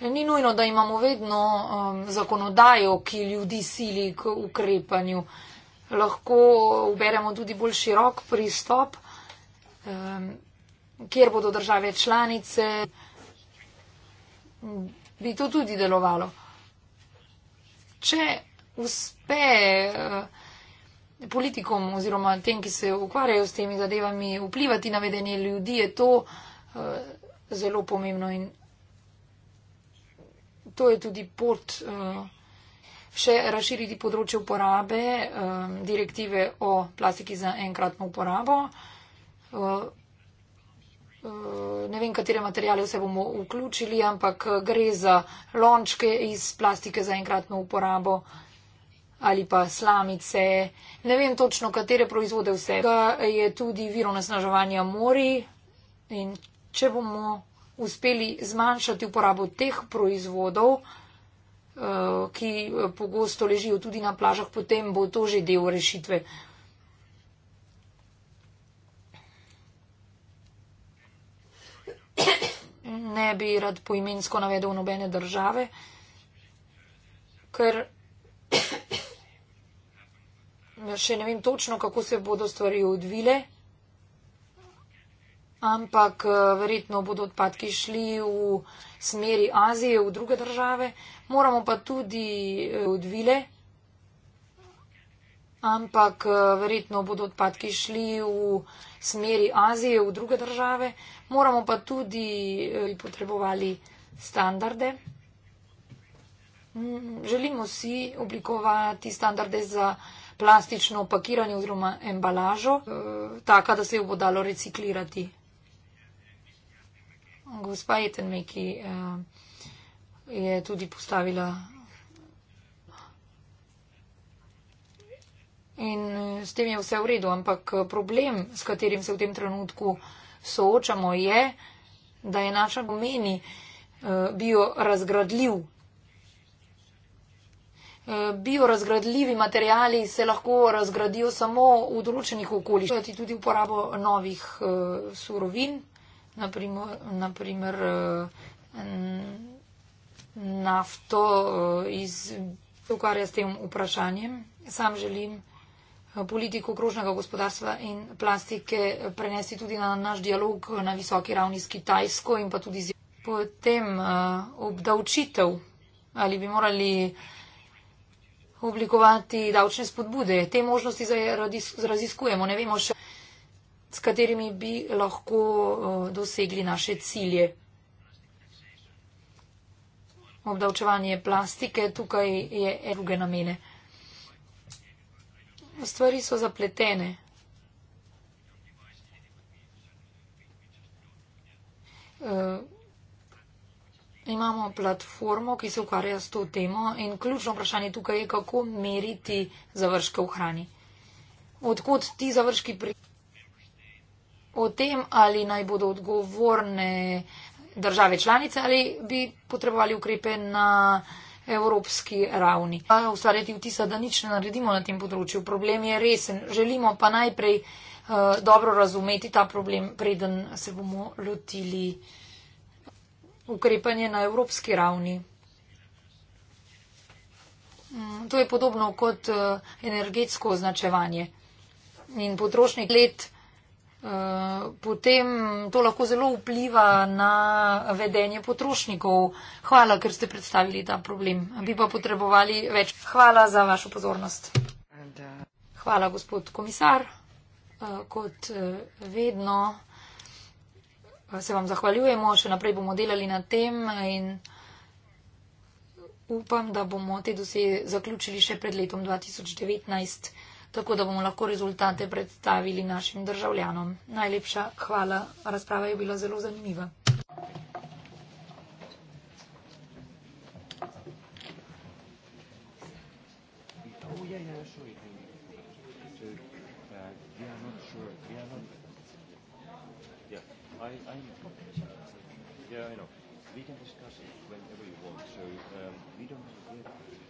Ni nujno, da imamo vedno um, zakonodajo, ki ljudi sili k ukrepanju. Lahko uberemo tudi bolj širok pristop kjer bodo države članice, bi to tudi delovalo. Če uspe eh, politikom oziroma tem, ki se ukvarjajo s temi zadevami, vplivati na vedenje ljudi, je to eh, zelo pomembno in to je tudi pot eh, še razširiti področje uporabe direktive o plastiki za enkratno uporabo. Eh, eh, ne vem, katere materijale vse bomo vključili, ampak eh, gre za lončke iz plastike za enkratno uporabo ali pa slamice. Ne vem točno, katere proizvode vse. Ga je tudi viro nasnaževanja mori in če bomo uspeli zmanjšati uporabo teh proizvodov, ki pogosto ležijo tudi na plažah, potem bo to že del rešitve. ne bi rad poimensko navedel nobene države, ker še ne vem točno, kako se bodo stvari odvile, ampak eh, verjetno bodo odpadki šli v smeri Azije, v druge države, moramo pa tudi eh, odvile. Ampak eh, verjetno bodo odpadki šli v smeri Azije, v druge države, moramo pa tudi eh, potrebovali standarde. Mm, želimo si oblikovati standarde za plastično pakiranje oziroma embalažo, eh, taka, da se jo bo dalo reciklirati. Gospa Etenmeki eh, je tudi postavila. In s tem je vse v redu, ampak problem, s katerim se v tem trenutku soočamo, je, da je naš meni eh, bio razgradljiv. Eh, biorazgradljivi materijali se lahko razgradijo samo v določenih okoliščinah, tudi uporabo novih uh, surovin, naprimer, naprimer uh, nafto, uh, iz, ukvarja s tem vprašanjem. Sam želim politiko krožnega gospodarstva in plastike prenesti tudi na naš dialog na visoki ravni s Kitajsko in pa tudi z. Potem eh, obdavčitev ali bi morali oblikovati davčne spodbude. Te možnosti zdaj raziskujemo, ne vemo še, s katerimi bi lahko eh, dosegli naše cilje. Obdavčevanje plastike tukaj je druge namene stvari so zapletene. Uh, imamo platformo, ki se ukvarja s to temo in ključno vprašanje tukaj je, kako meriti završke v hrani. Odkud ti završki pri. O tem, ali naj bodo odgovorne države članice ali bi potrebovali ukrepe na. Uh, evropski ravni. Pa ustvarjati vtisa, da nič ne naredimo na tem področju. Problem je resen. Želimo pa najprej uh, dobro razumeti ta problem, preden se bomo lotili ukrepanje na evropski ravni. Mm, to je podobno kot eh, energetsko označevanje. In potrošnik let Eh, potem to lahko zelo vpliva na vedenje potrošnikov. Hvala, ker ste predstavili ta problem. Bi pa potrebovali več. Hvala za vašo pozornost. Uh, Hvala, gospod komisar. Eh, kot eh, vedno se vam zahvaljujemo, še naprej bomo delali na tem in upam, da bomo te dosje zaključili še pred letom 2019 tako da bomo lahko rezultate predstavili našim državljanom. Najlepša hvala, razprava je bila zelo zanimiva. Yeah, I know. We can discuss it whenever you want. So um, we don't have to get...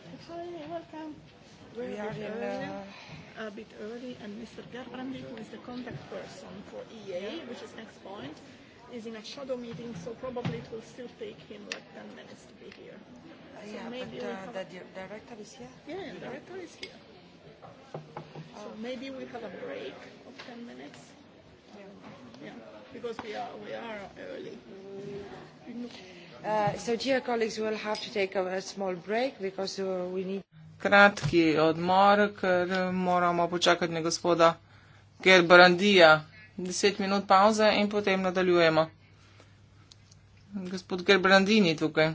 Hi, welcome. We are early, in, uh, a bit early, and Mr. Gerbrandi, who is the contact person for e EA, which is next point, is in a shadow meeting, so probably it will still take him like 10 minutes to be here. Uh, so yeah, maybe but uh, we have the di- director is here? Yeah, the director is here. So oh. maybe we have a break of 10 minutes. Yeah. yeah. Because we are, we are early. Mm-hmm. Uh, uh, Kratki odmor, ker uh, moramo počakati na gospoda Gerbrandija. Deset minut pauze in potem nadaljujemo. Gospod Gerbrandini tukaj.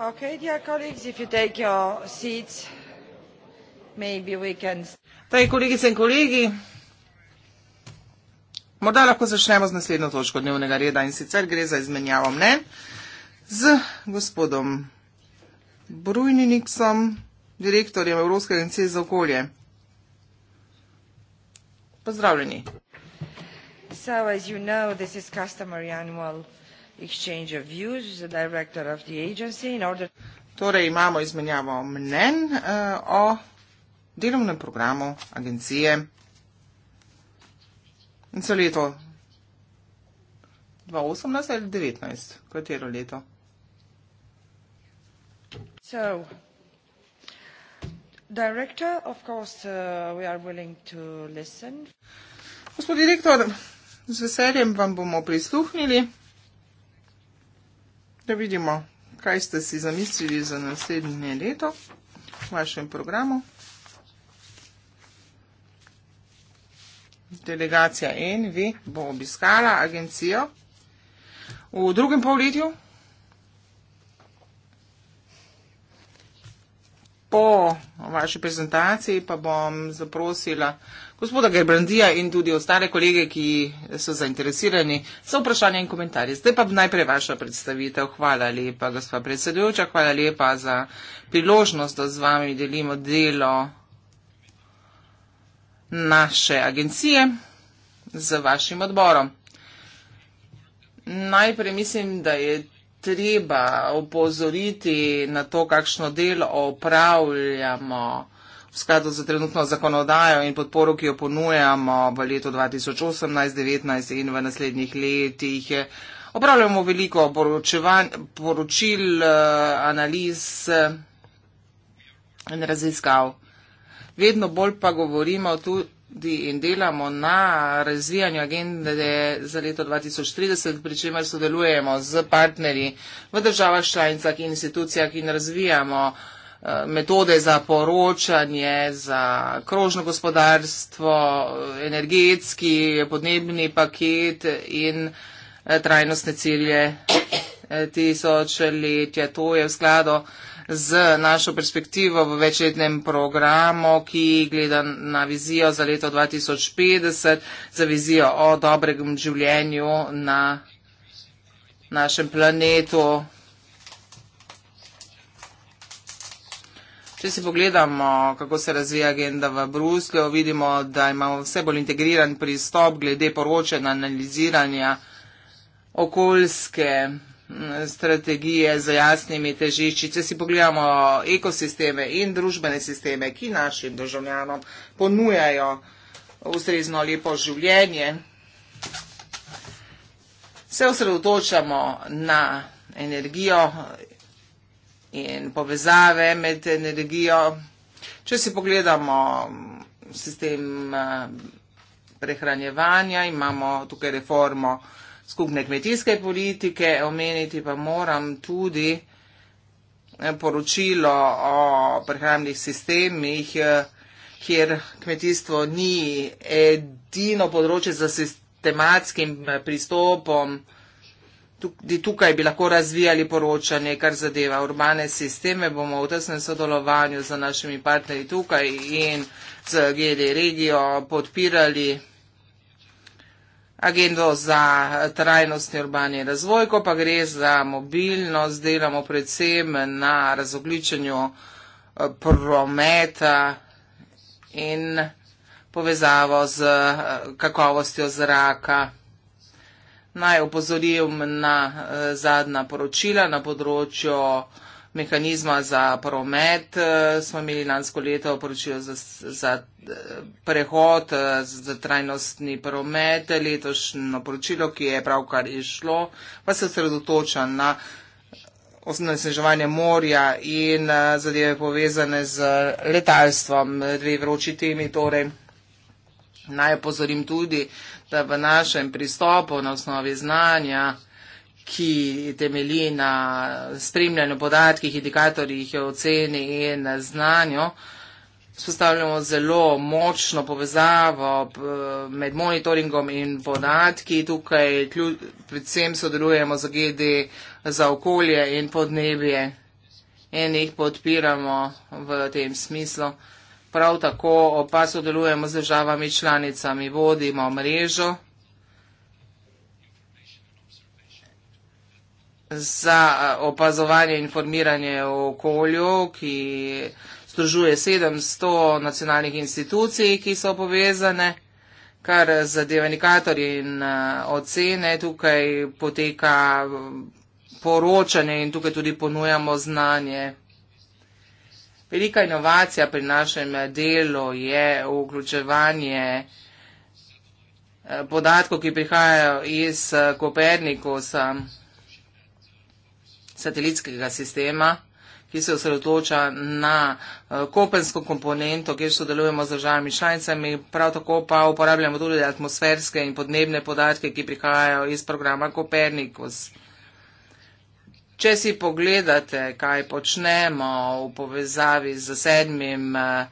Okay, dear colleagues, if you take your seats, maybe we can... Taj, kolegice in kolegi, morda lahko začnemo z naslednjo točko dnevnega reda in sicer gre za izmenjavo mnen z gospodom Brujniniksom, direktorjem Evropske agencije za okolje. Pozdravljeni. So, as you know, this is customary annual exchange of views with the director of the agency in order Torej imamo izmenjavo mnen uh, o delovnem programu agencije. In so leto 2018 ali 2019, katero leto? So, director, of course, uh, we are willing to listen. Gospod direktor, z veseljem vam bomo prisluhnili da vidimo, kaj ste si zamislili za naslednje leto v vašem programu. Delegacija NV bo obiskala agencijo v drugem polletju. Po vaši prezentaciji pa bom zaprosila gospoda Gerbrandija in tudi ostale kolege, ki so zainteresirani za vprašanje in komentarje. Zdaj pa najprej vaša predstavitev. Hvala lepa, gospa predsedujoča, hvala lepa za priložnost, da z vami delimo delo naše agencije z vašim odborom. Najprej mislim, da je treba opozoriti na to, kakšno delo opravljamo. V skladu za trenutno zakonodajo in podporo, ki jo ponujamo v letu 2018-2019 in v naslednjih letih, opravljamo veliko poročil, eh, analiz eh, in raziskav. Vedno bolj pa govorimo tudi in delamo na razvijanju agende za leto 2030, pri čemer sodelujemo z partnerji v državah članicah in institucijah in razvijamo. Eh, metode za poročanje, za krožno gospodarstvo, energetski, podnebni paket in eh, trajnostne cilje eh, tisočletja. To je v skladu z našo perspektivo v večletnem programu, ki gleda na vizijo za leto 2050, za vizijo o dobrem življenju na našem planetu. Če si pogledamo, kako se razvija agenda v Bruslju, vidimo, da imamo vse bolj integriran pristop glede poročanja, analiziranja okoljske mm, strategije za jasnimi težišči. Če si pogledamo ekosisteme in družbene sisteme, ki našim državljanom ponujajo ustrezno lepo življenje, se osredotočamo na energijo in povezave med energijo. Če si pogledamo sistem eh, prehranjevanja, imamo tukaj reformo skupne kmetijske politike, omeniti pa moram tudi eh, poročilo o prehranjnih sistemih, eh, kjer kmetijstvo ni edino področje za sistematskim pristopom Tudi tukaj bi lahko razvijali poročanje, kar zadeva urbane sisteme, bomo v tesnem sodelovanju z našimi partnerji tukaj in z GD regijo podpirali agendo za trajnostni urbani razvoj, ko pa gre za mobilnost, delamo predvsem na razogličenju eh, prometa in povezavo z eh, kakovostjo zraka. Naj opozorim na eh, zadnja poročila na področju mehanizma za promet. Eh, smo imeli lansko leto poročilo za, za eh, prehod, za trajnostni promet, letošnjo poročilo, ki je pravkar išlo, pa se sredotoča na osnoveseževanje morja in zadeve povezane z letalstvom. Dve vroči temi torej. Naj opozorim tudi, da v našem pristopu na osnovi znanja, ki temelji na spremljanju podatkih, indikatorjih, oceni in na znanju, spostavljamo zelo močno povezavo med monitoringom in podatki. Tukaj predvsem sodelujemo z GD za okolje in podnebje in jih podpiramo v tem smislu. Prav tako pa sodelujemo z državami članicami, vodimo mrežo za eh, opazovanje in informiranje o okolju, ki združuje 700 nacionalnih institucij, ki so povezane, kar zadeva indikator in eh, ocene. Tukaj poteka mm, poročanje in tukaj tudi ponujamo znanje. Velika inovacija pri našem delu je vključevanje eh, podatkov, ki prihajajo iz Kopernikusa, satelitskega sistema, ki se osredotoča na eh, kopensko komponento, kjer sodelujemo z državami članicami, prav tako pa uporabljamo tudi atmosferske in podnebne podatke, ki prihajajo iz programa Kopernikus. Če si pogledate, kaj počnemo v povezavi z sedmim eh,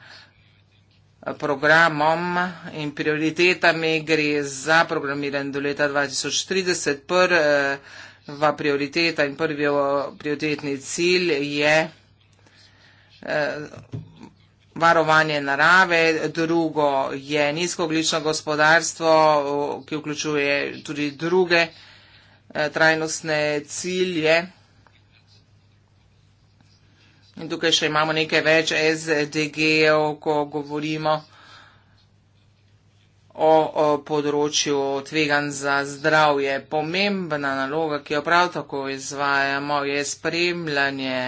programom in prioritetami, gre za programiran do leta 2030. Prva prioriteta in prvi prioritetni cilj je eh, varovanje narave, drugo je nizkoglično gospodarstvo, ki vključuje tudi druge eh, trajnostne cilje. In tukaj še imamo nekaj več SDG-ev, ko govorimo o, o področju tvegan za zdravje. Pomembna naloga, ki jo prav tako izvajamo, je spremljanje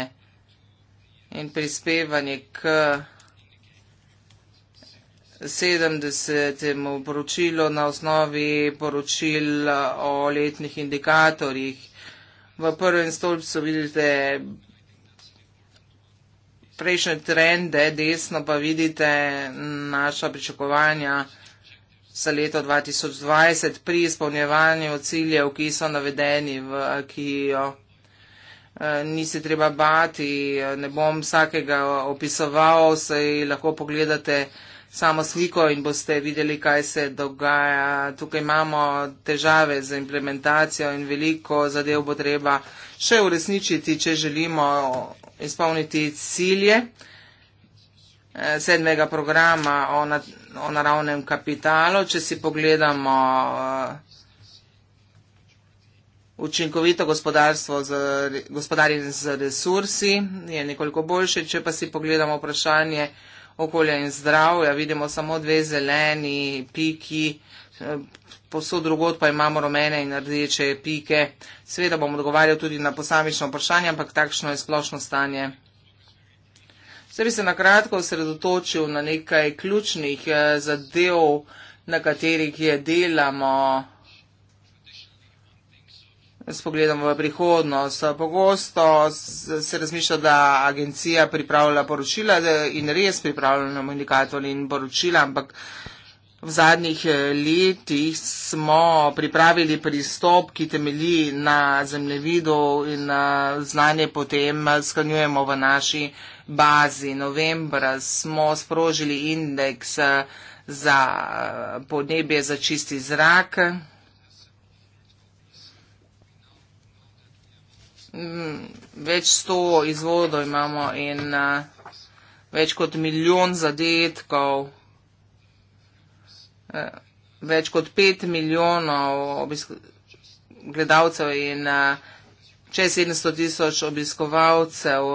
in prispevanje k 70. poročilu na osnovi poročil o letnih indikatorjih. V prvem stolpcu vidite prejšnje trende desno, pa vidite naša pričakovanja za leto 2020 pri izpolnjevanju ciljev, ki so navedeni v Akijo. E, ni se treba bati, ne bom vsakega opisoval, se lahko pogledate samo sliko in boste videli, kaj se dogaja. Tukaj imamo težave z implementacijo in veliko zadev bo treba še uresničiti, če želimo izpolniti cilje eh, sedmega programa o, na, o naravnem kapitalu. Če si pogledamo eh, učinkovito gospodarstvo z, gospodarje z resursi, je nekoliko boljše. Če pa si pogledamo vprašanje okolja in zdravja, vidimo samo dve zeleni piki, posod drugot pa imamo rumene in rdeče pike. Sveda bom odgovarjal tudi na posamično vprašanje, ampak takšno je splošno stanje. Zdaj bi se na kratko osredotočil na nekaj ključnih eh, zadev, na katerih je delamo s pogledom v prihodnost. Pogosto se razmišlja, da agencija pripravlja poročila eh, in res pripravljamo indikatorje in poročila, ampak V zadnjih eh, letih smo pripravili pristop, ki temelji na zemljevidu in znanje potem eh, skanjujemo v naši bazi. Novembra smo sprožili indeks eh, za podnebje za čisti zrak. Mm, več sto izvodov imamo in več kot milijon zadetkov. Eh, več kot 5 milijonov gledalcev in eh, čez 700 tisoč obiskovalcev.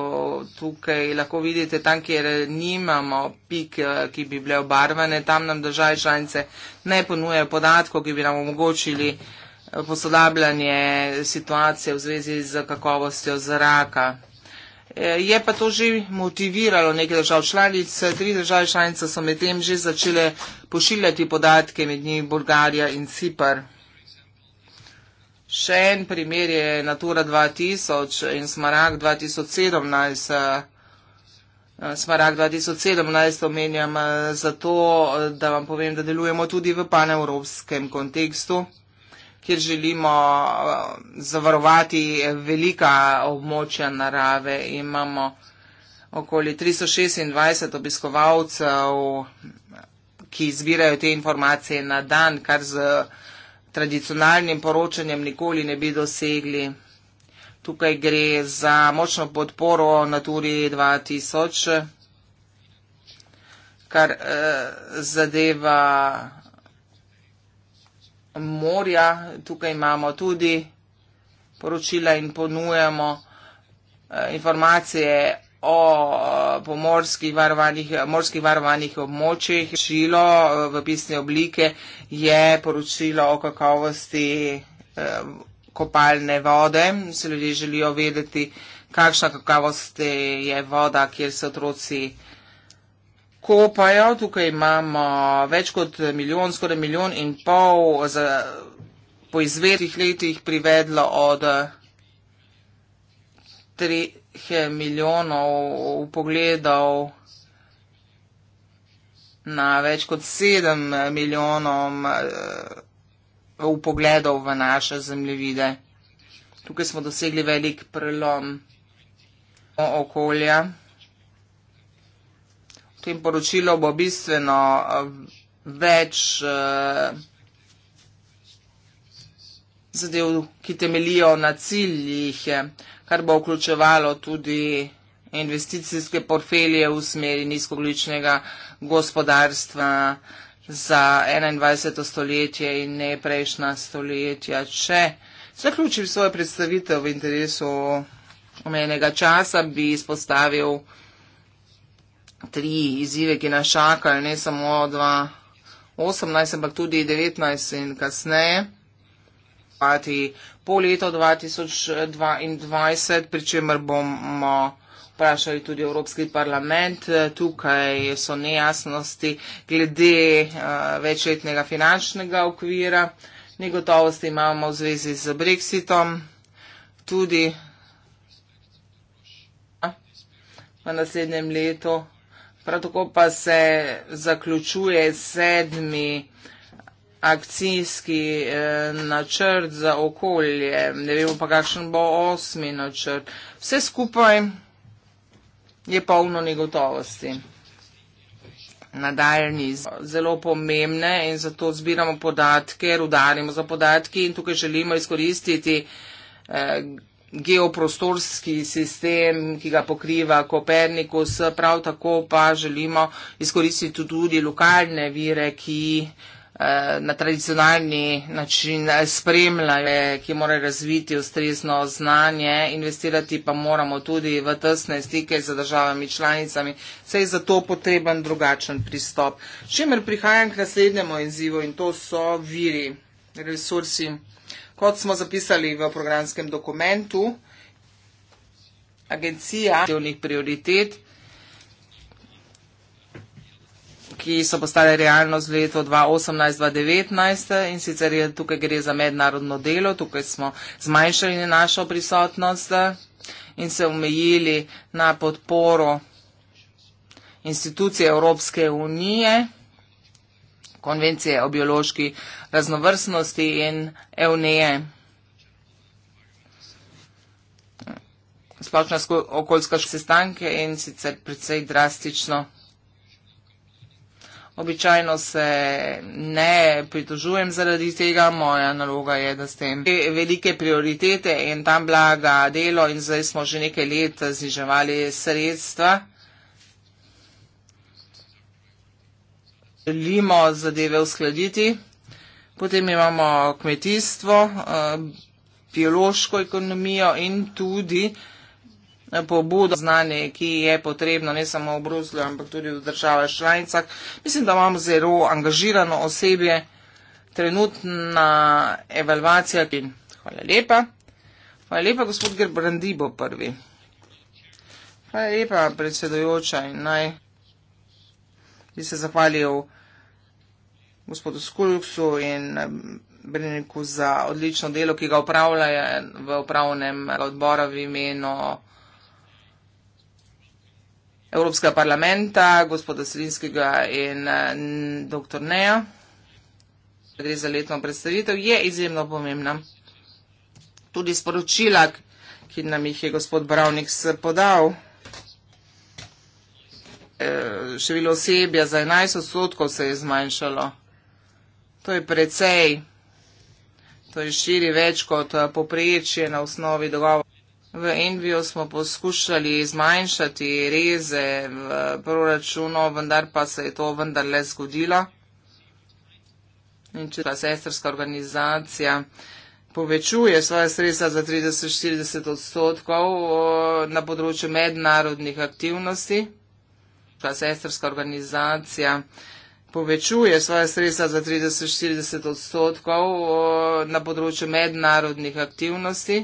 Tukaj lahko vidite, tam, kjer nimamo pik, eh, ki bi bile obarvane, tam nam države članice ne ponujejo podatkov, ki bi nam omogočili posodabljanje situacije v zvezi z kakovostjo zraka. Eh, je pa to že motiviralo nekaj držav članic. Tri države članice so med tem že začele pošiljati podatke, med njimi Bolgarija in Cipar. Še en primer je Natura 2000 in Smarag 2017. Smarag 2017 omenjam eh, zato, eh, da vam povem, da delujemo tudi v paneuropskem kontekstu kjer želimo eh, zavarovati velika območja narave. Imamo okoli 326 obiskovalcev, ki izbirajo te informacije na dan, kar z tradicionalnim poročanjem nikoli ne bi dosegli. Tukaj gre za močno podporo Naturi 2000, kar eh, zadeva morja, tukaj imamo tudi poročila in ponujemo eh, informacije o eh, pomorskih varovanih, morskih varovanih območjih. Šilo eh, v pisni oblike je poročilo o kakovosti kopalne vode. Se ljudje želijo vedeti, kakšna kakovost je voda, kjer se otroci Ko pa jo tukaj imamo več kot milijon, skoraj milijon in pol za, po izvedih letih privedlo od treh milijonov pogledov na več kot sedem milijonom uh, eh, pogledov v naše zemljevide. Tukaj smo dosegli velik prelom okolja tem poročilu bo bistveno eh, več eh, zadev, ki temelijo na ciljih, kar bo vključevalo tudi investicijske porfelje v smeri nizkogličnega gospodarstva za 21. stoletje in ne prejšnja stoletja. Če zaključim svojo predstavitev v interesu omenjenega časa, bi izpostavil tri izzive, ki nas čakajo, ne samo 2018, ampak tudi 2019 in kasneje. Pati po letu 2022, pri čemer bomo vprašali tudi Evropski parlament. Tukaj so nejasnosti glede eh, večletnega finančnega okvira. Negotovosti imamo v zvezi z Brexitom, tudi v naslednjem letu Prav tako pa se zaključuje sedmi akcijski eh, načrt za okolje. Ne vemo pa, kakšen bo osmi načrt. Vse skupaj je polno negotovosti. Nadaljni zelo pomembne in zato zbiramo podatke, rudarimo za podatki in tukaj želimo izkoristiti eh, geoprostorski sistem, ki ga pokriva Kopernikus, prav tako pa želimo izkoristiti tudi lokalne vire, ki eh, na tradicionalni način spremljajo, ki morajo razviti ustrezno znanje, investirati pa moramo tudi v tesne stike z državami članicami, saj je zato potreben drugačen pristop. Šimer prihajam k naslednjemu izzivu in to so viri resursi. Kot smo zapisali v programskem dokumentu, agencija delovnih prioritet, ki so postale realnost v letu 2018-2019 in sicer je, tukaj gre za mednarodno delo, tukaj smo zmanjšali našo prisotnost in se omejili na podporo institucije Evropske unije konvencije o biološki raznovrstnosti in EUNEJE. Splošna okoljska sestanke in sicer predvsej drastično. Običajno se ne pritožujem zaradi tega, moja naloga je, da s tem velike prioritete in tam blaga delo in zdaj smo že nekaj let zniževali sredstva. želimo zadeve uskladiti. Potem imamo kmetijstvo, eh, biološko ekonomijo in tudi eh, pobudo znanje, ki je potrebno ne samo v Bruslju, ampak tudi v državah članicah. Mislim, da imamo zelo angažirano osebje. Trenutna evalvacija. Hvala lepa. Hvala lepa, gospod Gerbrandi bo prvi. Hvala lepa, predsedojoča in naj bi se zahvalil gospodu Skulksu in eh, Brniku za odlično delo, ki ga upravljajo v upravnem odboru v imenu Evropskega parlamenta, gospoda Selinskega in eh, dr. Neja. Gre za letno predstavitev, je izjemno pomembna. Tudi sporočila, ki nam jih je gospod Bravnik podal, eh, Število osebja za 11 odstotkov se je zmanjšalo. To je precej, to je širi več kot eh, poprečje na osnovi dogovora. V Envijo smo poskušali zmanjšati reze v eh, proračunu, vendar pa se je to vendarle zgodilo. In če ta sestrska organizacija povečuje svoje sredstva za 30-40 odstotkov eh, na področju mednarodnih aktivnosti, ta sestrska organizacija povečuje svoje sredstva za 30-40 odstotkov na področju mednarodnih aktivnosti,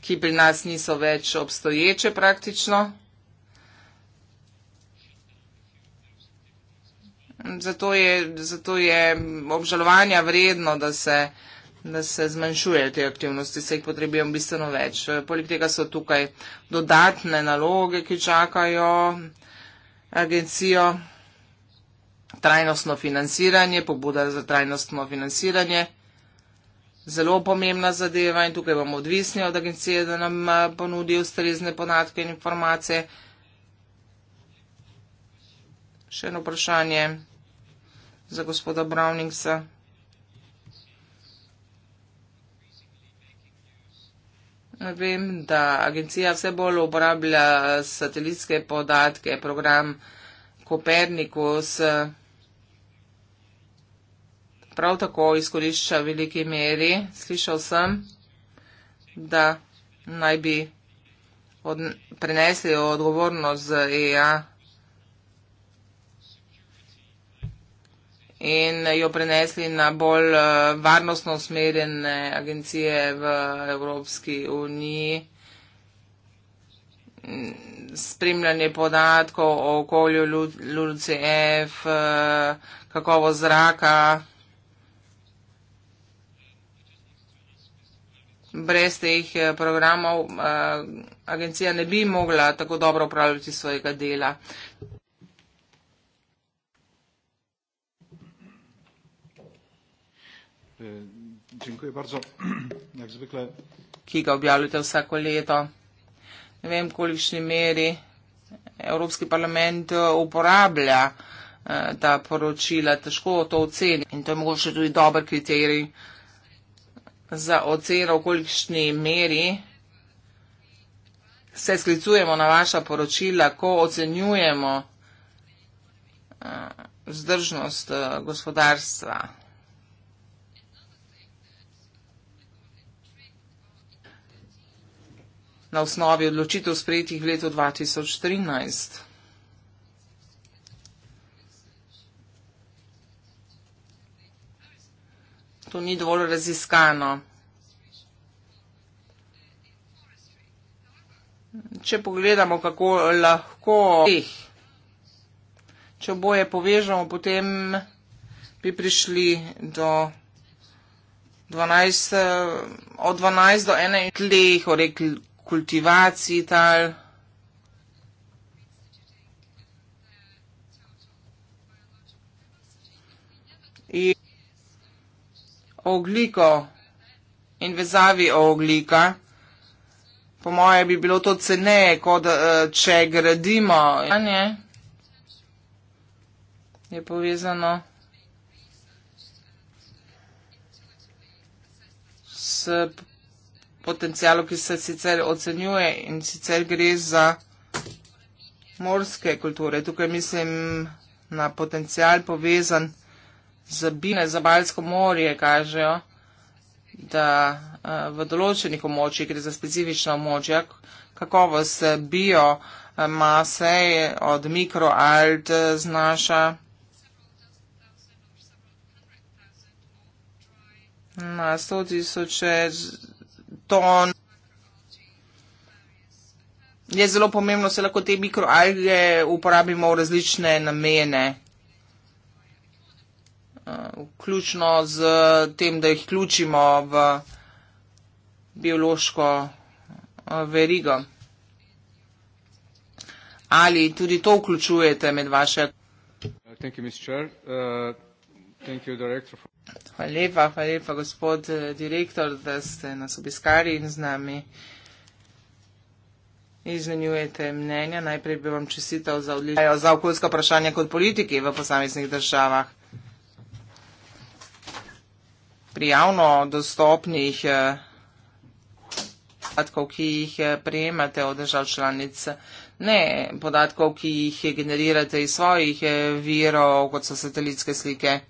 ki pri nas niso več obstoječe praktično. Zato je, zato je obžalovanja vredno, da se, da se zmanjšujejo te aktivnosti, se jih potrebujem bistveno več. Poleg tega so tukaj dodatne naloge, ki čakajo agencijo trajnostno financiranje, pobuda za trajnostno financiranje. Zelo pomembna zadeva in tukaj bomo odvisni od agencije, da nam eh, ponudi ustrezne podatke in informacije. Še eno vprašanje za gospoda Browningsa. Vem, da agencija vse bolj uporablja satelitske podatke, program Kopernikus. Eh, prav tako izkorišča v veliki meri. Slišal sem, da naj bi od, prenesli odgovornost z EA in jo prenesli na bolj eh, varnostno usmerjene agencije v Evropski uniji. Spremljanje podatkov o okolju Lucef, eh, kakovo zraka. brez teh eh, programov eh, agencija ne bi mogla tako dobro upravljati svojega dela. E, dziękuję bardzo. Jak zwykle. Ki ga objavljate vsako leto. Ne vem, kolikšni meri Evropski parlament eh, uporablja ta poročila. Težko to oceni. In to je mogoče tudi dober kriterij za oceno, v kolikšni meri se sklicujemo na vaša poročila, ko ocenjujemo eh, vzdržnost eh, gospodarstva. na osnovi odločitev sprejetih v letu 2013. to ni dovolj raziskano. Če pogledamo, kako lahko jih, če oboje povežemo, potem bi prišli do 12, od 12 do 1 tleh, o rekli kultivaciji tal. In ogliko in vezavi oglika. Po moje bi bilo to ceneje, kot eh, če gradimo. Je povezano s potencijalom, ki se sicer ocenjuje in sicer gre za morske kulture. Tukaj mislim na potencijal povezan s zabine za Balsko morje kažejo, da eh, v določenih območjih, gre za specifična območja, kakovost eh, bio eh, mase od mikroalt znaša na 100 tisoče ton. Je zelo pomembno, se lahko te mikroalge uporabimo v različne namene. Eh, vključno z tem, da jih vključimo v biološko eh, verigo. Ali tudi to vključujete med vaše. Eh, hvala lepa, hvala lepa, gospod direktor, da ste nas obiskali in z nami izmenjujete mnenja. Najprej bi vam čestital za odličnost za okoljska vprašanja kot politiki v posameznih državah pri javno dostopnih eh, podatkov, ki jih eh, prejemate od držav članic, ne podatkov, ki jih generirate iz svojih eh, virov, kot so satelitske slike.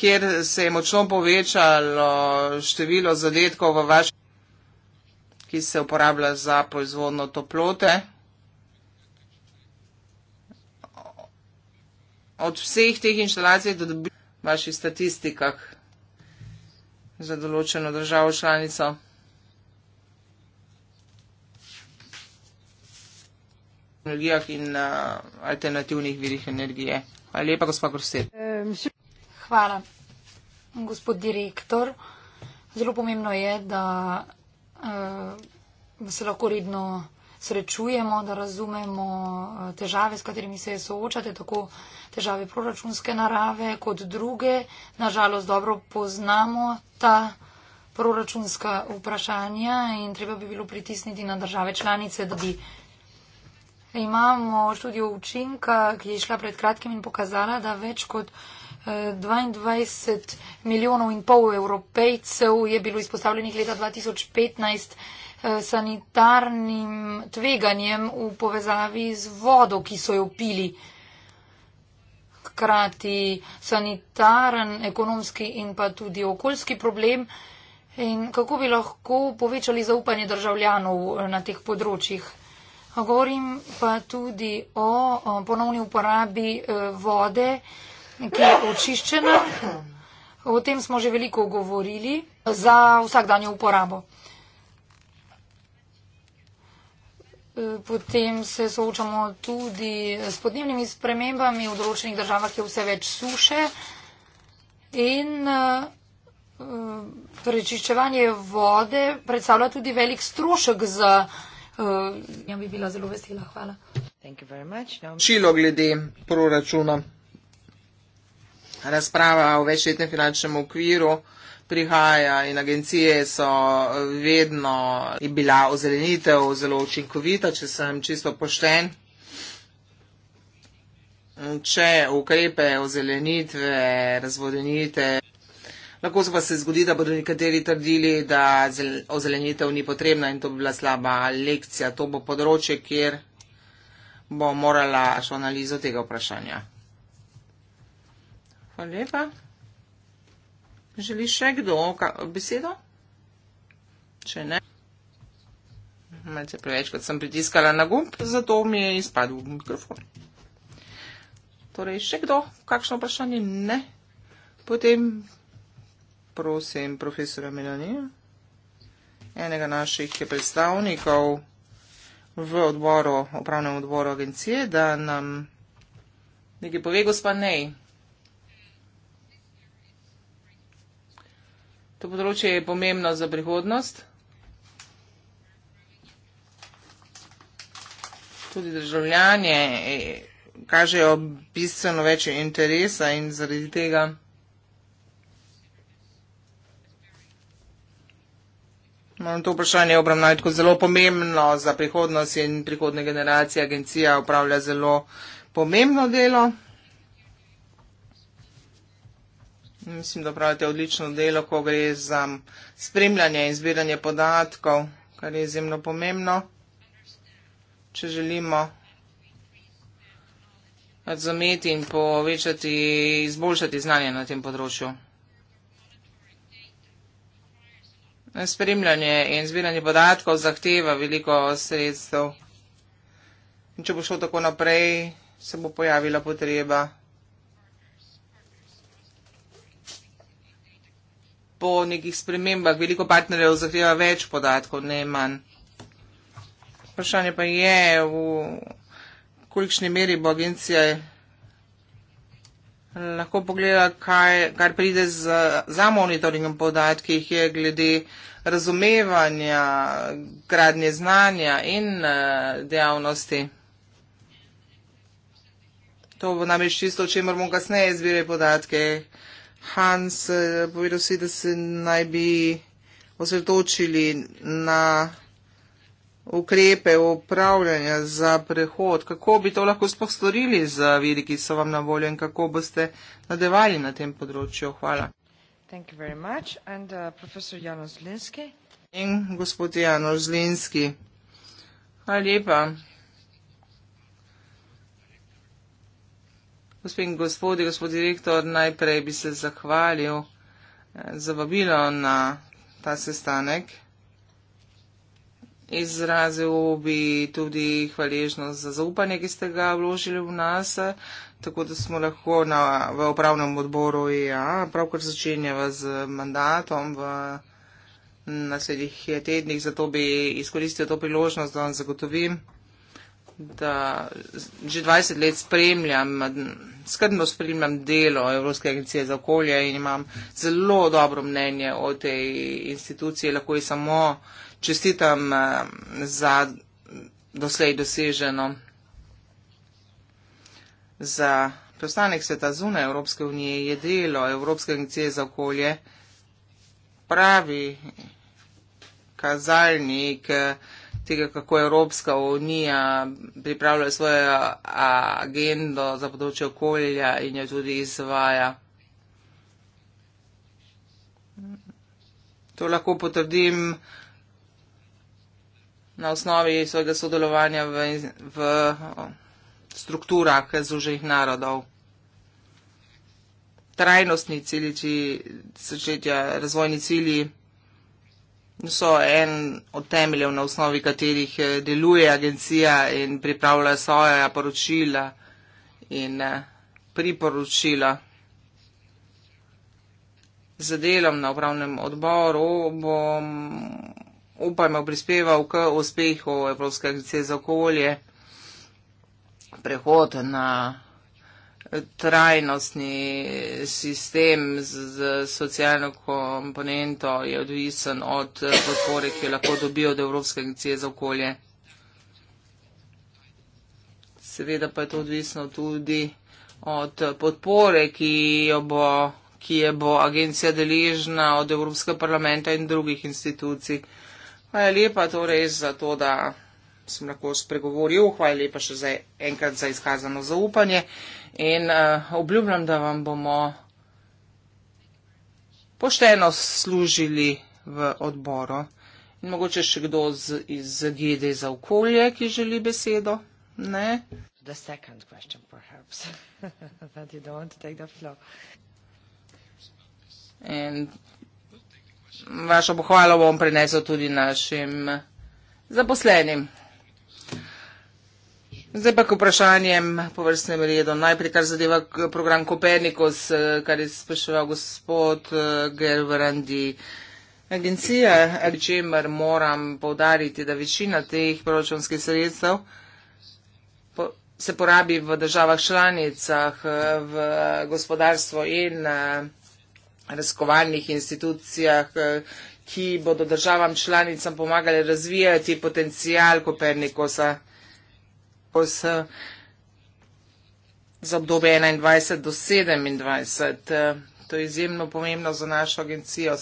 kjer se je močno povečalo število zadetkov v vaši, ki se uporablja za proizvodno toplote. od vseh teh inštalacij, da dobijo v vaših statistikah za določeno državo članico. in uh, alternativnih virih energije. Hvala lepa, gospa Grosset. Hvala, gospod direktor. Zelo pomembno je, da uh, eh, se lahko redno srečujemo, da razumemo eh, težave, s katerimi se soočate, tako težave proračunske narave kot druge. Nažalost, dobro poznamo ta proračunska vprašanja in treba bi bilo pritisniti na države članice, da bi. Imamo študijo učinka, ki je šla pred kratkim in pokazala, da več kot 22 eh, milijonov in pol evropejcev je bilo izpostavljenih leta 2015 Eh, sanitarnim tveganjem v povezavi z vodo, ki so jo pili. Hkrati sanitaren, ekonomski in pa tudi okoljski problem. In kako bi lahko povečali zaupanje državljanov eh, na teh področjih? Govorim pa tudi o ponovni uporabi eh, vode, ki je očiščena. O tem smo že veliko govorili za vsakdanjo uporabo. Potem se soočamo tudi s podnebnimi spremembami v določenih državah, je vse več suše in prečiščevanje eh, torej, vode predstavlja tudi velik strošek za. Eh, ja bi bila zelo vesela, hvala. No, Šilo glede proračuna. Razprava o večletnem finančnem okviru prihaja in agencije so vedno bila ozelenitev zelo učinkovita, če sem čisto pošten. Če ukrepe ozelenitve, razvodenite, lahko se pa se zgodi, da bodo nekateri trdili, da ozelenitev ni potrebna in to bi bila slaba lekcija. To bo področje, kjer bo morala šlo analizo tega vprašanja. Hvala lepa. Želi še kdo besedo? Če ne. Malce preveč, kot sem pritiskala na gumb, zato mi je izpadl mikrofon. Torej, še kdo? Kakšno vprašanje? Ne. Potem prosim profesora Melanija, enega naših predstavnikov v odboru, upravnem odboru agencije, da nam nekaj pove, gospa Nej. To področje je pomembno za prihodnost. Tudi državljanje e, kažejo bistveno več interesa in zaradi tega moram to vprašanje obravnaviti kot zelo pomembno za prihodnost in prihodne generacije. Agencija upravlja zelo pomembno delo. Mislim, da pravite odlično delo, ko gre za spremljanje in zbiranje podatkov, kar je izjemno pomembno, če želimo razumeti in povečati, izboljšati znanje na tem področju. Spremljanje in zbiranje podatkov zahteva veliko sredstev. In če bo šlo tako naprej, se bo pojavila potreba po nekih spremembah veliko partnerjev zahteva več podatkov, ne manj. Vprašanje pa je, v kolikšni meri bo agencija lahko pogleda, kaj, kar pride z, za monitoringom podatkih, je glede razumevanja, gradnje znanja in eh, dejavnosti. To bo namreč čisto, če moramo kasneje zbirati podatke. Hans eh, povedal si, da se naj bi osredotočili na ukrepe upravljanja za prehod. Kako bi to lahko sploh storili z viri, ki so vam na voljo in kako boste nadevali na tem področju? Hvala. And, uh, in gospod Janoš Zlinski. Hvala lepa. Gospod in gospodje, gospod direktor, najprej bi se zahvalil eh, za vabilo na ta sestanek. Izrazil bi tudi hvaležnost za zaupanje, ki ste ga vložili v nas, tako da smo lahko na, v upravnem odboru IA, e ja, pravkar začenjava z mandatom v naslednjih tednih, zato bi izkoristil to priložnost, da vam zagotovim, da že 20 let spremljam skrbno spremljam delo Evropske agencije za okolje in imam zelo dobro mnenje o tej instituciji. Lahko ji samo čestitam eh, za doslej doseženo za preostanek sveta zunaj Evropske unije je delo Evropske agencije za okolje pravi kazalnik. Eh, tega, kako Evropska unija pripravlja svojo agendo za področje okolja in jo tudi izvaja. To lahko potrdim na osnovi svojega sodelovanja v, v strukturah zužih narodov. Trajnostni cilji, začetja razvojni cilji. Či, So en od temeljev, na osnovi katerih eh, deluje agencija in pripravlja svoje poročila in eh, priporočila. Z delom na upravnem odboru bom, upajmo, prispeval k uspehu Evropske agencije za okolje, prehod na trajnostni sistem z, z socialno komponento je odvisen od podpore, ki jo lahko dobijo od Evropske agencije za okolje. Seveda pa je to odvisno tudi od podpore, ki jo bo ki je bo agencija deležna od Evropskega parlamenta in drugih institucij. Hvala lepa torej za to, da sem lahko spregovoril. Hvala lepa še za enkrat za izkazano zaupanje. In uh, obljubljam, da vam bomo pošteno služili v odboru. In mogoče še kdo z, iz GD za okolje, ki želi besedo. Ne? The second question, perhaps, that you don't want to take the floor. In vašo pohvalo bom prenesel tudi našim zaposlenim. Zdaj pa k vprašanjem po vrstnem redu. Najprej, kar zadeva program Kopernikus, eh, kar je spraševal gospod eh, Gervrandi. Agencija, ali eh, čemer moram povdariti, da večina teh proračunskih sredstev se porabi v državah članicah, v gospodarstvo in razkovalnih institucijah, ki bodo državam članicam pomagali razvijati potencijal Kopernikusa skozi za obdobje 21 do 27. Eh, to je izjemno pomembno za našo agencijo.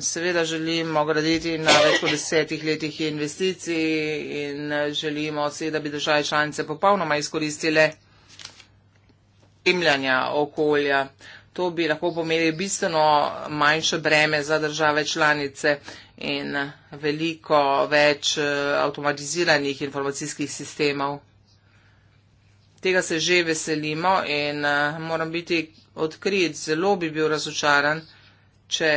Seveda želimo graditi na več kot desetih letih investicij in eh, želimo seveda, da bi države članice popolnoma izkoristile spremljanja okolja. To bi lahko pomenilo bistveno manjše breme za države članice in veliko več eh, avtomatiziranih informacijskih sistemov. Tega se že veselimo in eh, moram biti odkrit, zelo bi bil razočaran, če.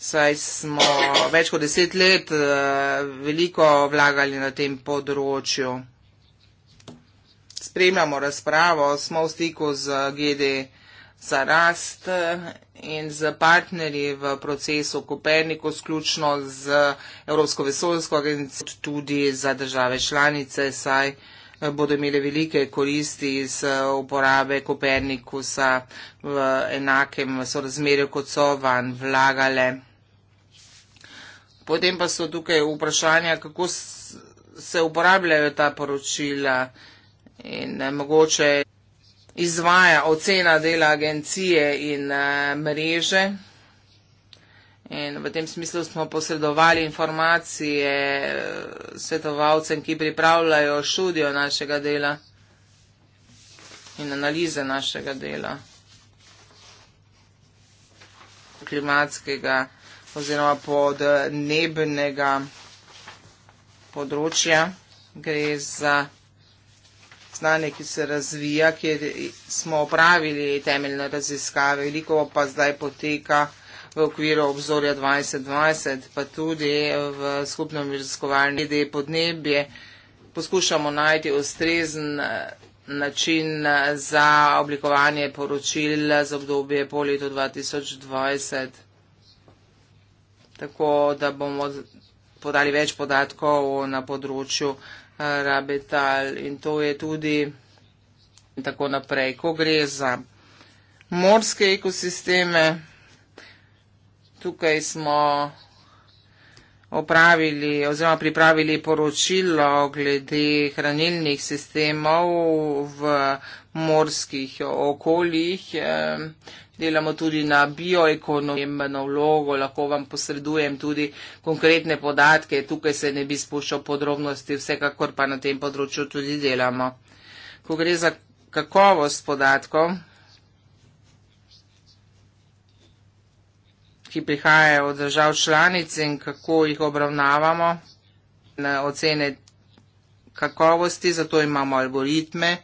Saj smo več kot deset let eh, veliko vlagali na tem področju. Spremljamo razpravo, smo v stiku z GDP za rast eh, in z partnerji v procesu Koperniku, sključno z Evropsko vesoljsko agencijo, tudi za države članice, saj eh, bodo imeli velike koristi iz eh, uporabe Kopernikusa v enakem sorazmerju, kot so van vlagale. Potem pa so tukaj vprašanja, kako se uporabljajo ta poročila in mogoče izvaja ocena dela agencije in eh, mreže. In v tem smislu smo posredovali informacije eh, svetovalcem, ki pripravljajo študijo našega dela in analize našega dela klimatskega oziroma podnebnega področja. Gre za znanje, ki se razvija, kjer smo opravili temeljne raziskave, veliko pa zdaj poteka v okviru obzorja 2020, pa tudi v skupnem raziskovalnem glede podnebje. Poskušamo najti ustrezen eh, način eh, za oblikovanje poročil eh, za obdobje po letu 2020, tako da bomo podali več podatkov na področju rabital in to je tudi tako naprej. Ko gre za morske ekosisteme, tukaj smo opravili oziroma pripravili poročilo glede hranilnih sistemov v morskih okoljih. Delamo tudi na bioekonomijem, na vlogo, lahko vam posredujem tudi konkretne podatke, tukaj se ne bi spuščal podrobnosti, vsekakor pa na tem področju tudi delamo. Ko gre za kakovost podatkov, ki prihajajo od držav članic in kako jih obravnavamo, na ocene kakovosti, zato imamo algoritme,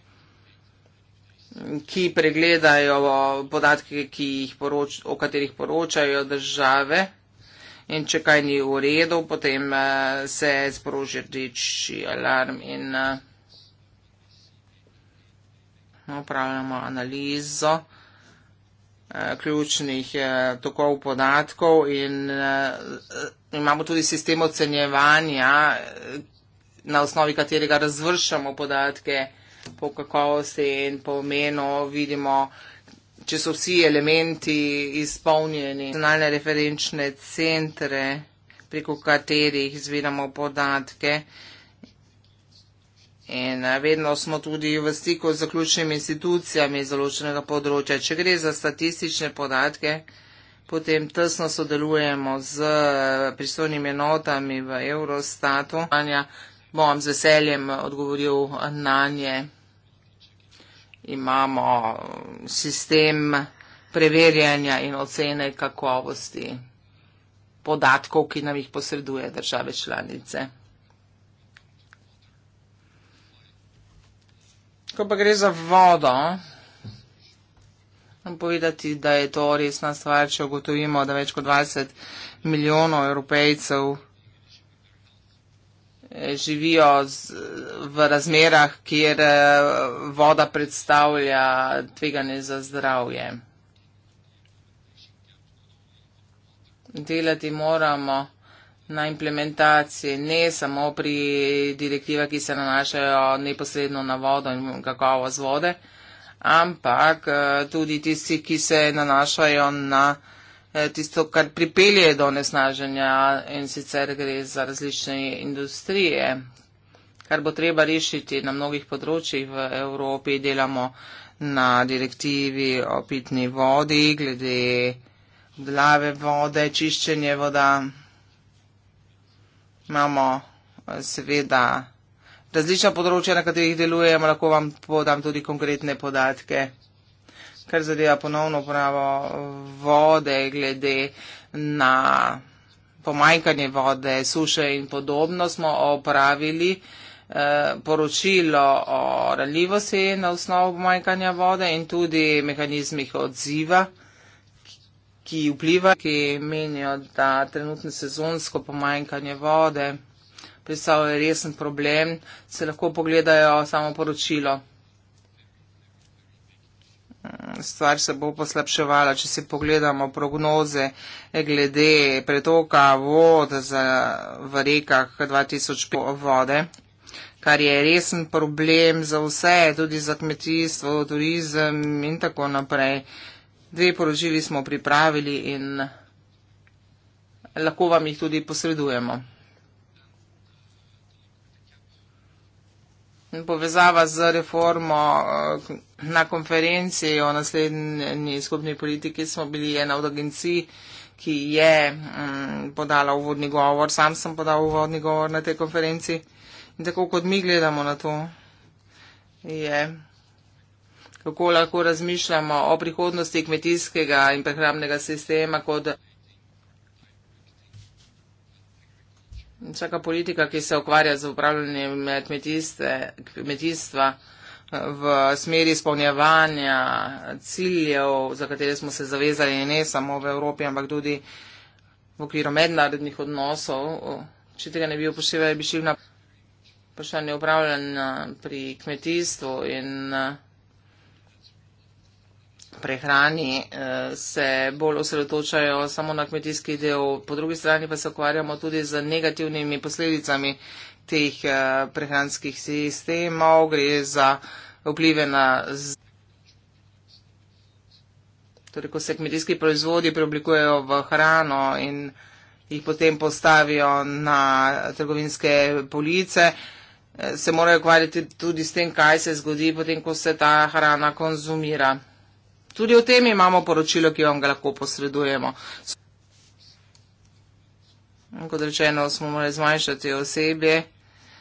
ki pregledajo podatke, ki jih poroč, o katerih poročajo države. In če kaj ni v redu, potem uh, se sproži rdeči alarm in eh, opravljamo uh, analizo uh, ključnih uh, tokov podatkov in uh, imamo tudi sistem ocenjevanja, na osnovi katerega razvršamo podatke uh, po kakovosti in po imenu vidimo, če so vsi elementi izpolnjeni. Nacionalne referenčne centre, preko katerih zbiramo podatke. In eh, vedno smo tudi v stiku z zaključnimi institucijami iz določenega področja. Če gre za statistične podatke, potem tesno sodelujemo z eh, pristojnimi enotami v Eurostatu bom z veseljem odgovoril na nje. Imamo sistem preverjanja in ocene kakovosti podatkov, ki nam jih posreduje države članice. Ko pa gre za vodo, moram povedati, da je to resna stvar, če ugotovimo, da več kot 20 milijonov evropejcev živijo z, v razmerah, kjer eh, voda predstavlja tveganje za zdravje. Delati moramo na implementaciji, ne samo pri direktivah, ki se nanašajo neposredno na vodo in kakovost vode, ampak eh, tudi tisti, ki se nanašajo na uh, Eh, tisto, kar pripelje do nesnaženja in sicer gre za različne industrije, kar bo treba rešiti na mnogih področjih v Evropi. Delamo na direktivi o pitni vodi, glede obdelave vode, čiščenje voda. Imamo eh, seveda različna področja, na katerih delujemo, lahko vam podam tudi konkretne podatke kar zadeva ponovno upravo vode, glede na pomanjkanje vode, suše in podobno, smo opravili eh, poročilo o ranljivosti na osnovu pomanjkanja vode in tudi mehanizmih odziva, ki vpliva, ki menijo, da trenutno sezonsko pomanjkanje vode predstavlja resen problem, se lahko pogledajo samo poročilo stvar se bo poslabševala, če si pogledamo prognoze glede pretoka vod za, v rekah 2000 vode, kar je resen problem za vse, tudi za kmetijstvo, turizem in tako naprej. Dve poročili smo pripravili in lahko vam jih tudi posredujemo. povezava z reformo eh, na konferenci o naslednji skupni politiki smo bili ena od agencij, ki je mm, podala uvodni govor. Sam sem podal uvodni govor na tej konferenci. In tako kot mi gledamo na to, je kako lahko razmišljamo o prihodnosti kmetijskega in prehrambnega sistema kot Vsaka politika, ki se ukvarja z upravljanjem kmetijstva v smeri izpolnjevanja ciljev, za katere smo se zavezali ne samo v Evropi, ampak tudi v okviru mednarodnih odnosov, če tega ne bi upoštevali, bi šli na vprašanje upravljanja pri kmetijstvu in prehrani, eh, se bolj osredotočajo samo na kmetijski del, po drugi strani pa se ukvarjamo tudi z negativnimi posledicami teh eh, prehranskih sistemov, gre za vplive na. Torej, ko se kmetijski proizvodi preoblikujejo v hrano in jih potem postavijo na trgovinske police, eh, se morajo ukvarjati tudi s tem, kaj se zgodi potem, ko se ta hrana konzumira. Tudi o tem imamo poročilo, ki vam ga lahko posredujemo. Kot rečeno, smo morali zmanjšati osebje,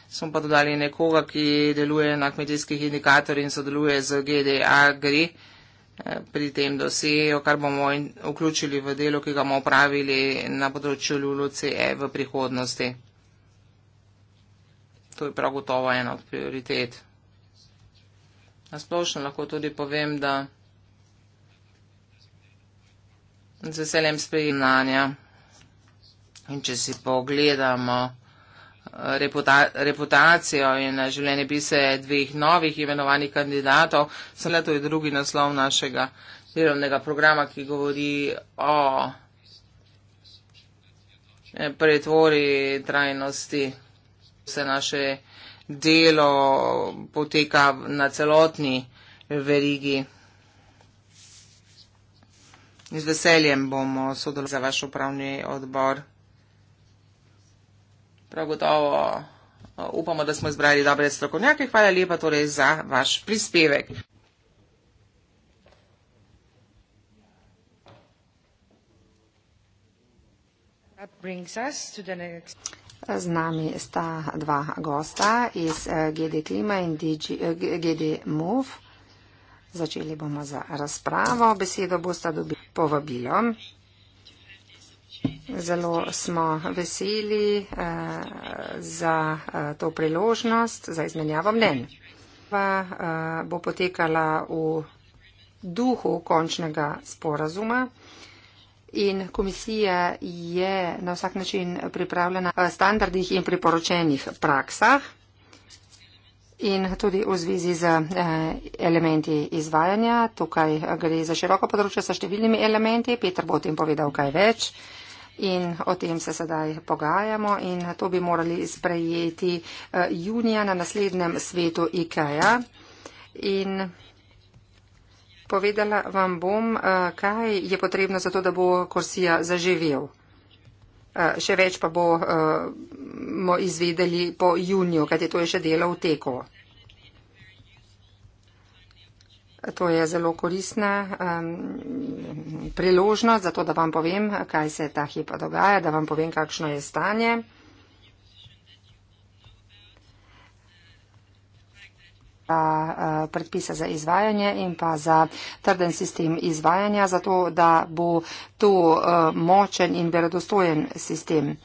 smo pa dodali nekoga, ki deluje na kmetijskih indikatorjih in sodeluje z GD Agri eh, pri tem dosejo, kar bomo vključili v delo, ki ga bomo opravili na področju LULUCE e v prihodnosti. To je prav gotovo ena od prioritet. Na splošno lahko tudi povem, da. z veseljem sprejemanja. In če si pogledamo eh, reputa reputacijo in življenje pise dveh novih imenovanih kandidatov, so leto je drugi naslov našega delovnega programa, ki govori o eh, pretvori trajnosti. Vse naše delo poteka na celotni verigi. In z veseljem bomo sodelovali za vaš upravni odbor. Prav gotovo e, upamo, da smo izbrali dobre strokovnjake. Hvala lepa torej za vaš prispevek. Z nami sta dva gosta iz e, GD Klima in DG, e, GD Move. Začeli bomo za razpravo. Besedo boste dobili povabilo. Zelo smo veseli eh, za eh, to priložnost, za izmenjavo mnen. Pa eh, bo potekala v duhu končnega sporazuma in komisija je na vsak način pripravljena eh, standardih in priporočenih praksah. In tudi v zvezi z eh, elementi izvajanja, tukaj gre za široko področje sa številnimi elementi, Peter bo o tem povedal kaj več in o tem se sedaj pogajamo in to bi morali sprejeti eh, junija na naslednjem svetu IKEA. In povedala vam bom, eh, kaj je potrebno za to, da bo Korsija zaživel. Eh, še več pa bomo eh, izvedeli po juniju, kaj je to še delo v teku. To je zelo koristna um, priložnost, zato da vam povem, kaj se ta hipa dogaja, da vam povem, kakšno je stanje. za eh, predpise za izvajanje in pa za trden sistem izvajanja, zato da bo to eh, močen in verodostojen sistem.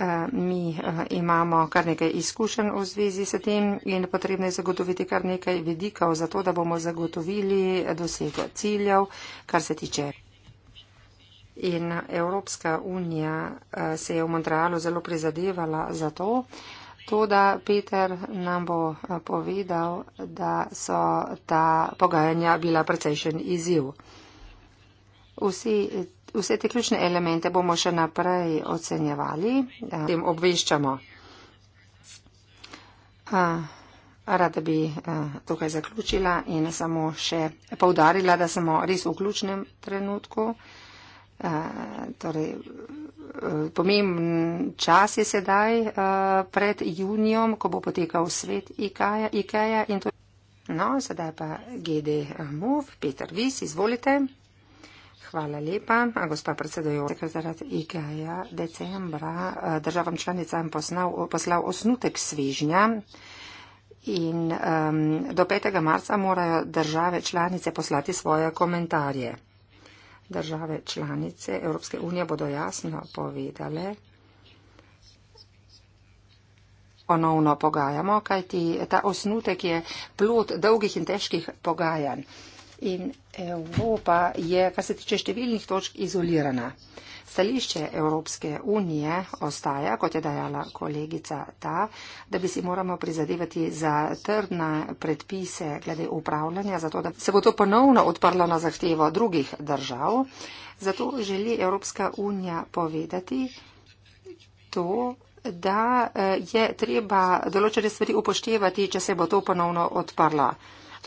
Eh, mi imamo kar nekaj izkušenj v zvezi s tem in potrebno je zagotoviti kar nekaj vidikov, zato da bomo zagotovili dosego ciljev, kar se tiče. In Evropska unija se je v Montrealu zelo prizadevala za to, To, da Peter nam bo eh, povedal, da so ta pogajanja bila precejšen izziv. Vsi, vse te ključne elemente bomo še naprej ocenjevali, eh, tem obveščamo. Eh, rada bi tukaj zaključila in samo še povdarila, da smo res v ključnem trenutku. Torej, pomemben čas je sedaj eh, pred junijom, ko bo potekal svet Ikeja. Ikeja to... No, sedaj pa GD MOV, Peter Vis, izvolite. Hvala lepa, gospa predsedojoča, zaradi Ikeja decembra eh, državam članicam posnal, poslal osnutek svežnja. In um, do 5. marca morajo države članice poslati svoje komentarje države članice Evropske unije bodo jasno povedale, ponovno pogajamo, kajti ta osnutek je plod dolgih in težkih pogajanj. In Evropa je, kar se tiče številnih točk, izolirana. Stališče Evropske unije ostaja, kot je dajala kolegica ta, da bi si moramo prizadevati za trdne predpise glede upravljanja, zato da se bo to ponovno odprlo na zahtevo drugih držav. Zato želi Evropska unija povedati to, da eh, je treba določene stvari upoštevati, če se bo to ponovno odprlo.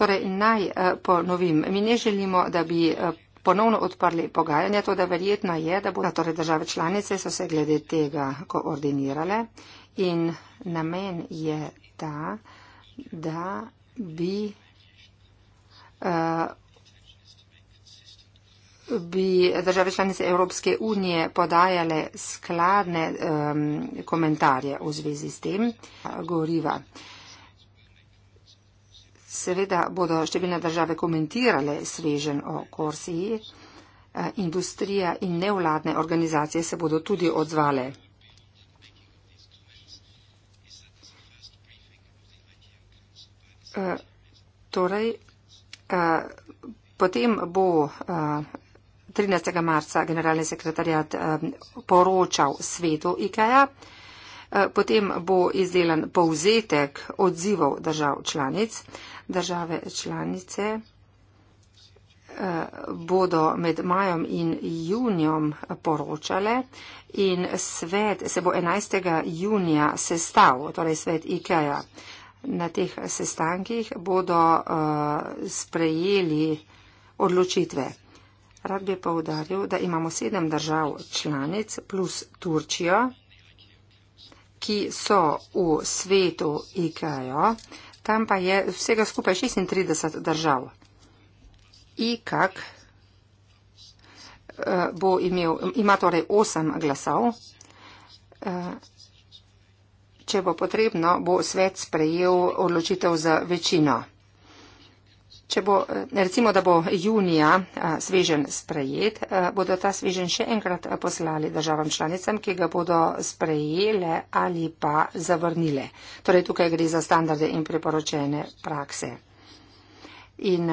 Torej naj eh, ponovim, mi ne želimo, da bi eh, ponovno odprli pogajanja, to da verjetno je, da bodo torej države članice so se glede tega koordinirale in namen je ta, da bi, uh, bi države članice Evropske unije podajale skladne um, komentarje v zvezi s tem goriva. Seveda bodo številne države komentirale svežen o Korsiji, eh, industrija in nevladne organizacije se bodo tudi odzvale. Eh, torej, eh, potem bo 13. marca generalni sekretarjat poročal svetu IKEA, potem bo izdelan povzetek odzivov držav članic države članice eh, bodo med majem in junijem poročale in svet se bo 11. junija sestav, torej svet IKEA. Na teh sestankih bodo eh, sprejeli odločitve. Rad bi povdaril, da imamo sedem držav članic plus Turčijo, ki so v svetu IKEA. -jo tam pa je vsega skupaj 36 držav. IKAK eh, bo imel, ima torej 8 glasov. Eh, če bo potrebno, bo svet sprejel odločitev za večino. Če bo, eh, recimo, da bo junija eh, svežen sprejet, eh, bodo ta svežen še enkrat poslali državam članicam, ki ga bodo sprejele ali pa zavrnile. Torej, tukaj gre za standarde in priporočene prakse. In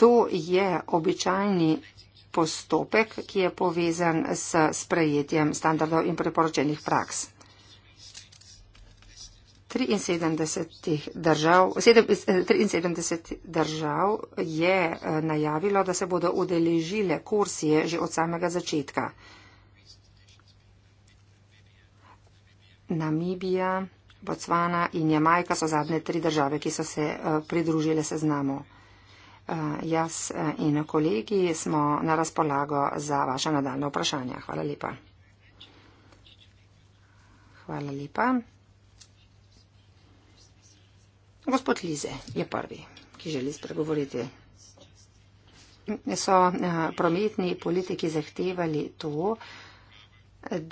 to je običajni postopek, ki je povezan s sprejetjem standardov in priporočenih praks. 73 držav, 73 eh, držav je eh, najavilo, da se bodo udeležile kursije že od samega začetka. Namibija, Botswana in Jamajka so zadnje tri države, ki so se eh, pridružile seznamu. Jaz in kolegi smo na razpolago za vaše nadaljne vprašanja. Hvala lepa. Hvala lepa. Gospod Lize je prvi, ki želi spregovoriti. So eh, prometni politiki zahtevali to,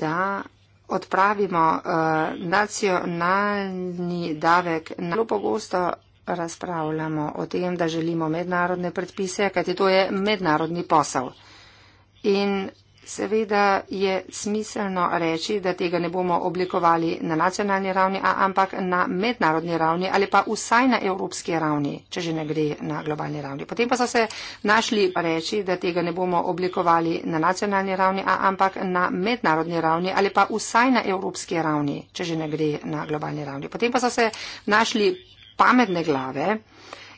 da odpravimo eh, nacionalni davek. Zelo pogosto razpravljamo o tem, da želimo mednarodne predpise, kajti to je mednarodni posel. In Seveda je smiselno reči, da tega ne bomo oblikovali na nacionalni ravni, ampak na mednarodni ravni ali pa vsaj na evropski ravni, če že ne gre na globalni ravni. Potem pa so se našli reči, da tega ne bomo oblikovali na nacionalni ravni, ampak na mednarodni ravni ali pa vsaj na evropski ravni, če že ne gre na globalni ravni. Potem pa so se našli pametne glave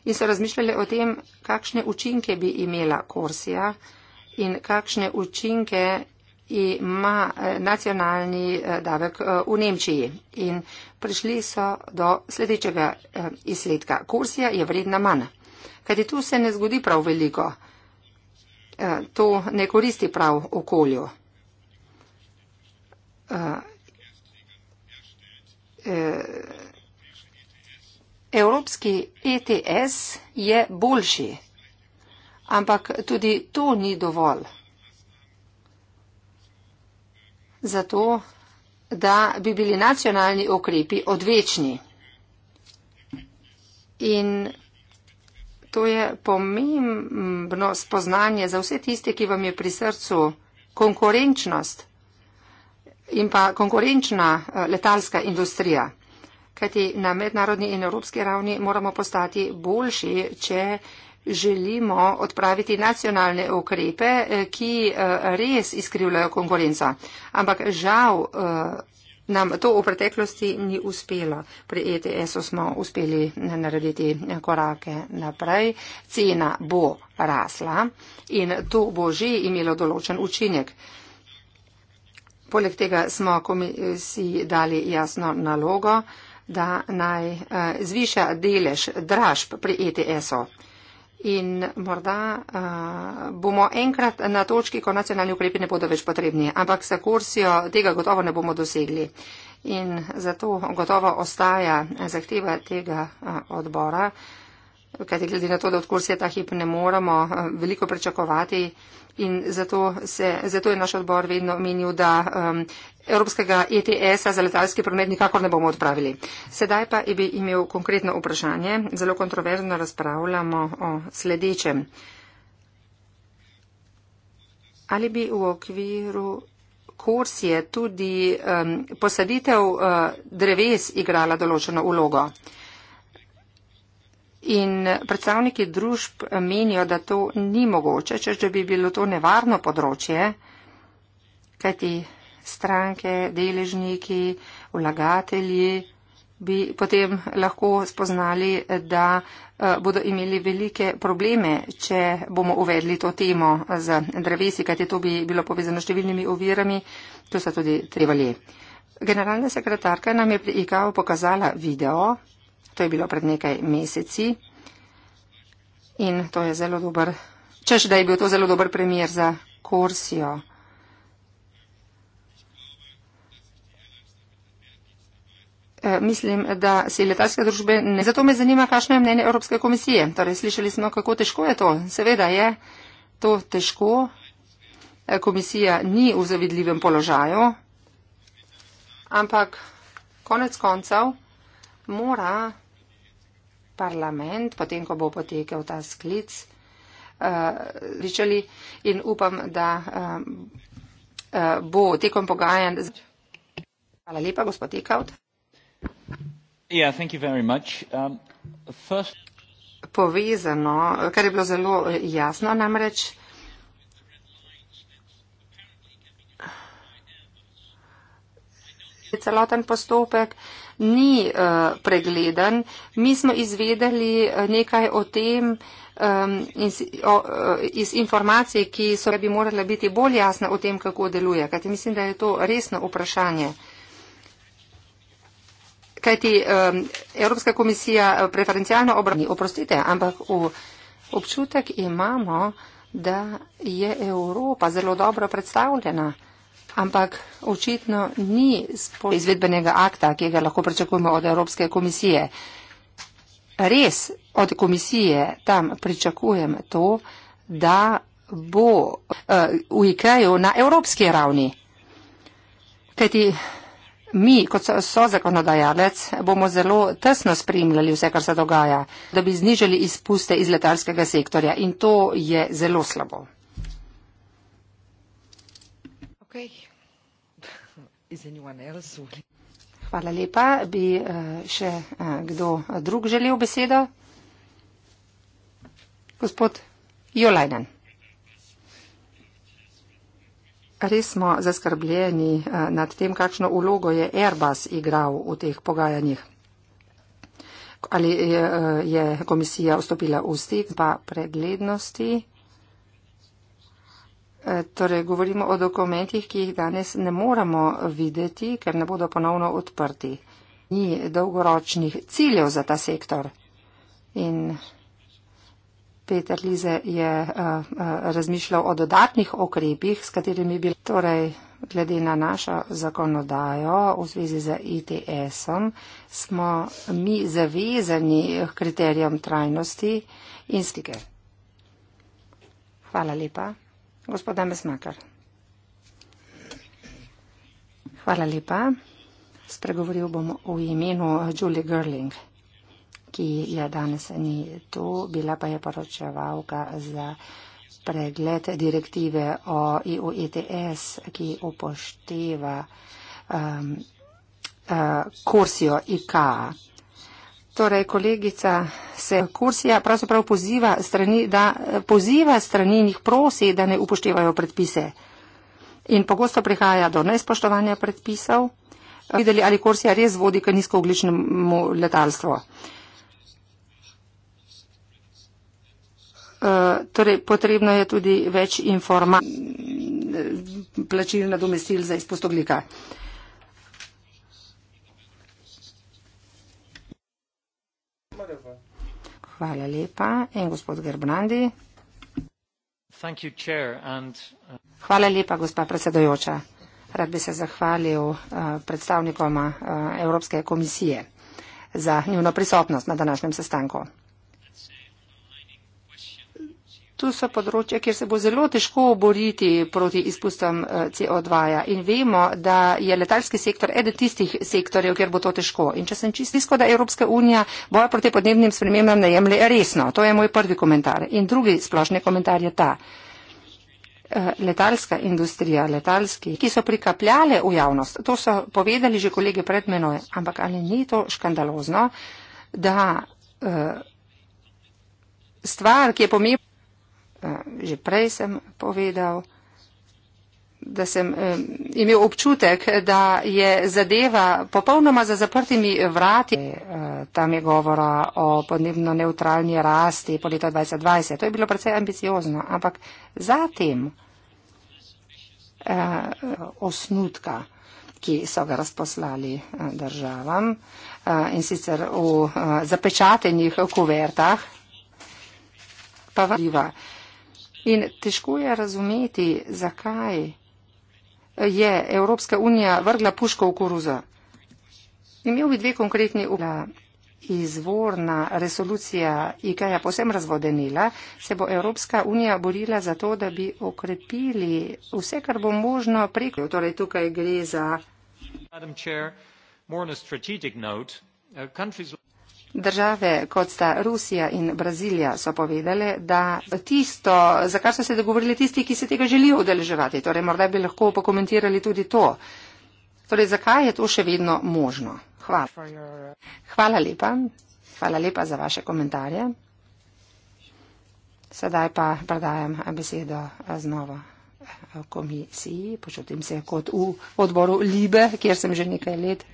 in so razmišljali o tem, kakšne učinke bi imela Korsija in kakšne učinke ima eh, nacionalni eh, davek eh, v Nemčiji. In prišli so do sledečega izsledka. Kursija je vredna manj, kajti tu se ne zgodi prav veliko. To ne koristi prav okolju. Evropski ETS je boljši. Ampak tudi to ni dovolj. Zato, da bi bili nacionalni okrepi odvečni. In to je pomembno spoznanje za vse tiste, ki vam je pri srcu konkurenčnost in pa konkurenčna eh, letalska industrija. Kajti na mednarodni in evropski ravni moramo postati boljši, če želimo odpraviti nacionalne ukrepe, eh, ki eh, res izkrivljajo konkurenco. Ampak žal eh, nam to v preteklosti ni uspelo. Pri ETS-u smo uspeli narediti korake naprej. Cena bo rasla in to bo že imelo določen učinek. Poleg tega smo komisiji dali jasno nalogo, da naj zviša delež dražb pri ETS-u. In morda uh, bomo enkrat na točki, ko nacionalni ukrepi ne bodo več potrebni, ampak sa kursijo tega gotovo ne bomo dosegli. In zato gotovo ostaja zahteva tega uh, odbora, uh, Kaj ti glede na to, da odkud se ta hip ne moremo eh, veliko pričakovati in zato, se, zato je naš odbor vedno menil, da um, Evropskega ETS-a za letalski promet nikakor ne bomo odpravili. Sedaj pa bi imel konkretno vprašanje. Zelo kontroverzno razpravljamo o sledečem. Ali bi v okviru korsije tudi um, posaditev uh, dreves igrala določeno vlogo? In predstavniki družb menijo, da to ni mogoče, če že bi bilo to nevarno področje, kajti stranke, deležniki, vlagatelji bi potem lahko spoznali, da eh, bodo imeli velike probleme, če bomo uvedli to temo z drevesi, kajti to bi bilo povezano s številnimi ovirami, to so tudi trebali. Generalna sekretarka nam je pri IKO pokazala video, To je bilo pred nekaj meseci in to je zelo dober, češ da je bil to zelo dober primer za Korsijo. E, mislim, da si letalske družbe ne. Zato me zanima, kakšno je mnenje Evropske komisije. Torej, slišali smo, kako težko je to. Seveda je to težko. E, komisija ni v zavidljivem položaju. Ampak konec koncev mora parlament, potem, ko bo potekel ta sklic, eh, pričali uh, in upam, da uh, uh, bo tekom pogajanj. Hvala lepa, gospod Ekaut. Yeah, um, first... Povezano, kar je bilo zelo jasno namreč. celoten postopek. Uh, ni uh, pregleden. Mi smo izvedeli eh, nekaj o tem um, iz, o, eh, iz informacij, ki so bi morale biti bolj jasne o tem, kako deluje. Kajti mislim, da je to resno vprašanje. Kajti um, Evropska komisija preferencialno obrani, oprostite, ampak v občutek imamo, da je Evropa zelo dobro predstavljena ampak očitno ni izvedbenega akta, ki ga lahko pričakujemo od Evropske komisije. Res od komisije tam pričakujem to, da bo uh, v IKEA-ju na evropski ravni. Kajti mi, kot so, so zakonodajalec, bomo zelo tesno spremljali vse, kar se dogaja, da bi znižali izpuste iz letalskega sektorja in to je zelo slabo. Okay. Is anyone else willing? Hvala lepa. Bi uh, še uh, kdo eh, drug želel besedo? Gospod Jolajnen. Res smo zaskrbljeni uh, nad tem, kakšno ulogo je Airbus igral v teh pogajanjih. Ali uh, je komisija vstopila v stik pa preglednosti? Eh, torej, govorimo o dokumentih, ki jih danes ne moremo videti, ker ne bodo ponovno odprti. Ni dolgoročnih ciljev za ta sektor. In Peter Lize je uh, uh, razmišljal o dodatnih okrepih, s katerimi bi torej glede na našo zakonodajo v zvezi z ITS-om, smo mi zavezani kriterijem trajnosti in stike. Hvala lepa. Hvala lepa. Spregovoril bom v imenu Julie Gerling, ki je danes ni tu, bila pa je poročevalka za pregled direktive o EU ETS, ki upošteva um, uh, kursijo IKA. Torej, kolegica se kursija pravzaprav poziva strani, da poziva strani in jih prosi, da ne upoštevajo predpise. In pogosto prihaja do nespoštovanja predpisov. Videli, ali kursija res vodi k nizkoogličnemu letalstvu. Uh, torej, potrebno je tudi več informacij, plačilna domestil za izpustoglika. Uh, Hvala lepa. In gospod Gerbnandi. Uh, Hvala lepa, gospa predsedojoča. Rad bi se zahvalil uh, predstavnikom uh, Evropske komisije za njuno prisotnost na današnjem sestanku. Tu so področje, kjer se bo zelo težko boriti proti izpustom eh, CO2. -ja. In vemo, da je letalski sektor eden tistih sektorjev, kjer bo to težko. In če sem čist isko, da Evropska unija boja proti podnebnim spremembam ne jemlje resno. To je moj prvi komentar. In drugi splošni komentar je ta. Eh, letalska industrija, letalski, ki so prikapljale v javnost, to so povedali že kolege pred menoj, ampak ali ni to škandalozno, da uh, stvar, ki je pomembna. Eh, že prej sem povedal, da sem eh, imel občutek, da je zadeva popolnoma za zaprtimi vrati. Eh, tam je govora o podnebno neutralni rasti po leta 2020. To je bilo precej ambiciozno, ampak zatem osnutka ki so ga razposlali državam in sicer v zapečatenih kuvertah, pa vliva In težko je razumeti, zakaj je Evropska unija vrgla puško v koruzo. Imel bi dve konkretni uga. Izvorna resolucija IKA je posem razvodenila, se bo Evropska unija borila za to, da bi okrepili vse, kar bo možno preko. Torej tukaj gre za. Države, kot sta Rusija in Brazilija, so povedale, da tisto, za kar so se dogovorili tisti, ki se tega želijo udeleževati, torej morda bi lahko pokomentirali tudi to. Torej, zakaj je to še vedno možno? Hvala. Hvala lepa. Hvala lepa za vaše komentarje. Sedaj pa predajam besedo znova komisiji. Počutim se kot v odboru Libe, kjer sem že nekaj let.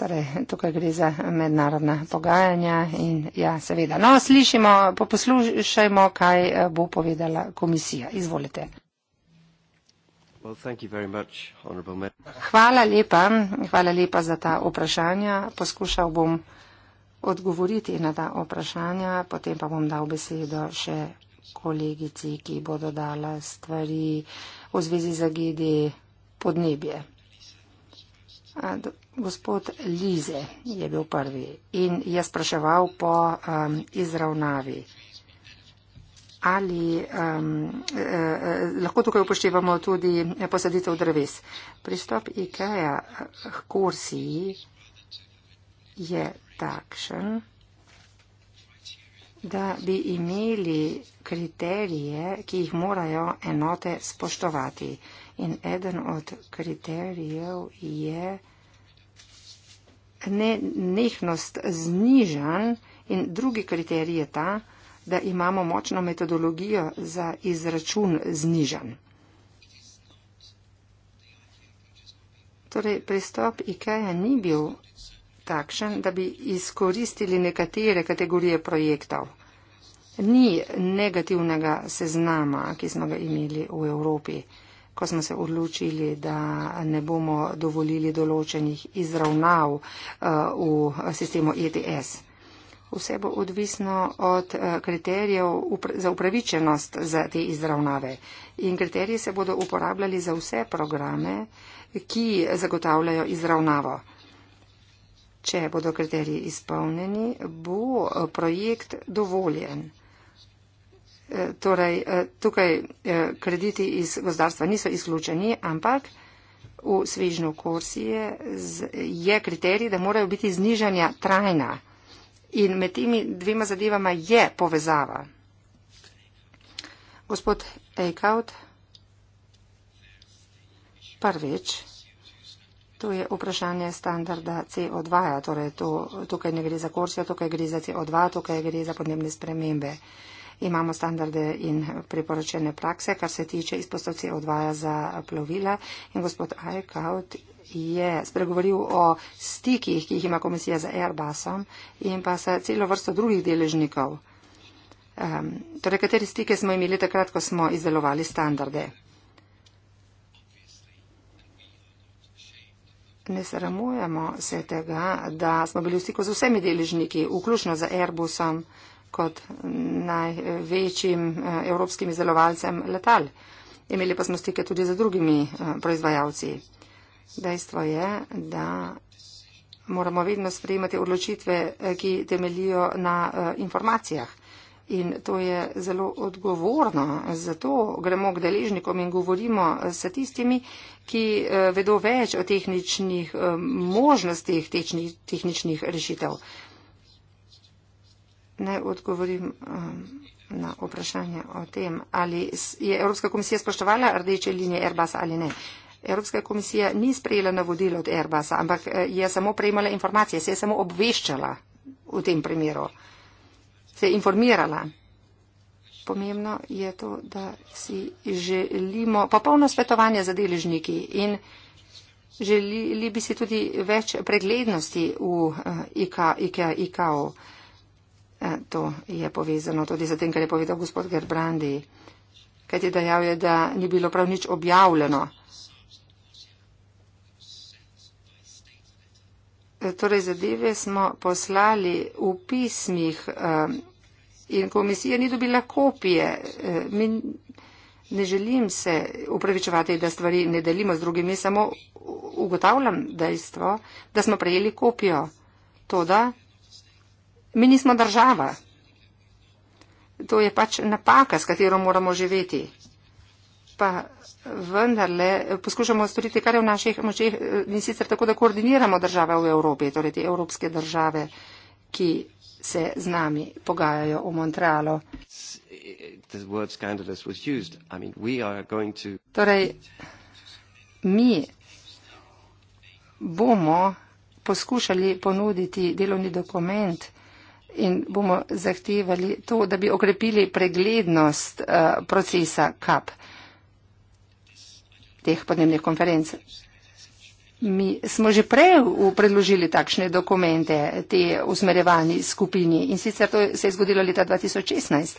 torej tukaj gre za mednarodna pogajanja in ja, seveda. No, slišimo, poslušajmo, kaj eh, bo povedala komisija. Izvolite. Well, much, hvala lepa, hvala lepa za ta vprašanja. Poskušal bom odgovoriti na ta vprašanja, potem pa bom dal besedo še kolegici, ki bo dodala stvari v zvezi z GD podnebje gospod Lize je bil prvi in je spraševal po um, izravnavi. Ali um, eh, eh, lahko tukaj upoštevamo tudi posaditev dreves. Pristop IKEA k kursiji je takšen, da bi imeli kriterije, ki jih morajo enote spoštovati. In eden od kriterijev je ne, nehnost znižan in drugi kriterij je ta, da imamo močno metodologijo za izračun znižan. Torej, pristop IKEA ni bil takšen, da bi izkoristili nekatere kategorije projektov. Ni negativnega seznama, ki smo ga imeli v Evropi ko smo se odločili, da ne bomo dovolili določenih izravnav eh, v sistemu ETS. Vse bo odvisno od eh, kriterijev za upravičenost za te izravnave. In kriteriji se bodo uporabljali za vse programe, ki zagotavljajo izravnavo. Če bodo kriteriji izpolnjeni, bo eh, projekt dovoljen. Eh, torej eh, tukaj eh, krediti iz gozdarstva niso izključeni, ampak v svežnju Korsije je kriterij, da morajo biti znižanja trajna. In med temi dvema zadevama je povezava. Gospod Eikaut, prvič, to je vprašanje standarda CO2, ja, torej to, tukaj ne gre za Korsijo, tukaj gre za CO2, tukaj gre za podnebne spremembe imamo standarde in priporočene prakse, kar se tiče izpostavcije odvaja za plovila. In gospod Aykaut je spregovoril o stikih, ki jih ima komisija za Airbusom in pa sa celo vrsto drugih deležnikov. Um, torej, katere stike smo imeli takrat, ko smo izdelovali standarde? Ne sramujemo se tega, da smo bili v stiku z vsemi deležniki, vključno z Airbusom, uh, kot največjim eh, evropskim izdelovalcem letal. Imeli pa smo stike tudi za drugimi eh, proizvajalci. Dejstvo je, da moramo vedno sprejemati odločitve, eh, ki temelijo na informacijah. In to je zelo odgovorno. Zato gremo k deležnikom in govorimo s tistimi, ki vedo več o tehničnih možnostih tehničnih rešitev. Naj odgovorim um, na vprašanje o tem, ali je Evropska komisija spoštovala rdeče linije Airbusa ali ne. Evropska komisija ni sprejela navodil od Airbusa, ampak eh, je samo prejmala informacije, se je samo obveščala v tem primeru, se je informirala. Pomembno je to, da si želimo popolno svetovanje za deležniki in želeli bi si tudi več preglednosti v IKO. Eh, IK, IK, IK. E, to je povezano tudi z tem, kar je povedal gospod Gerbrandi, kajti dejal je, da ni bilo prav nič objavljeno. E, torej, zadeve smo poslali v pismih e, in komisija ni dobila kopije. Mi ne želim se upravičevati, da stvari ne delimo z drugimi, samo ugotavljam dejstvo, da smo prejeli kopijo. Toda, Mi nismo država. To je pač napaka, s katero moramo živeti. Pa vendarle eh, poskušamo storiti, kar je v naših močeh, eh, in sicer tako, da koordiniramo države v Evropi, torej te evropske države, ki se z nami pogajajo v Montrealu. Kind of I mean, to... Torej, mi bomo poskušali ponuditi delovni dokument, in bomo zahtevali to, da bi okrepili preglednost eh, procesa KAP teh podnebnih konferenc. Mi smo že prej predložili takšne dokumente te usmerjevanji skupini in sicer to se je zgodilo leta 2016,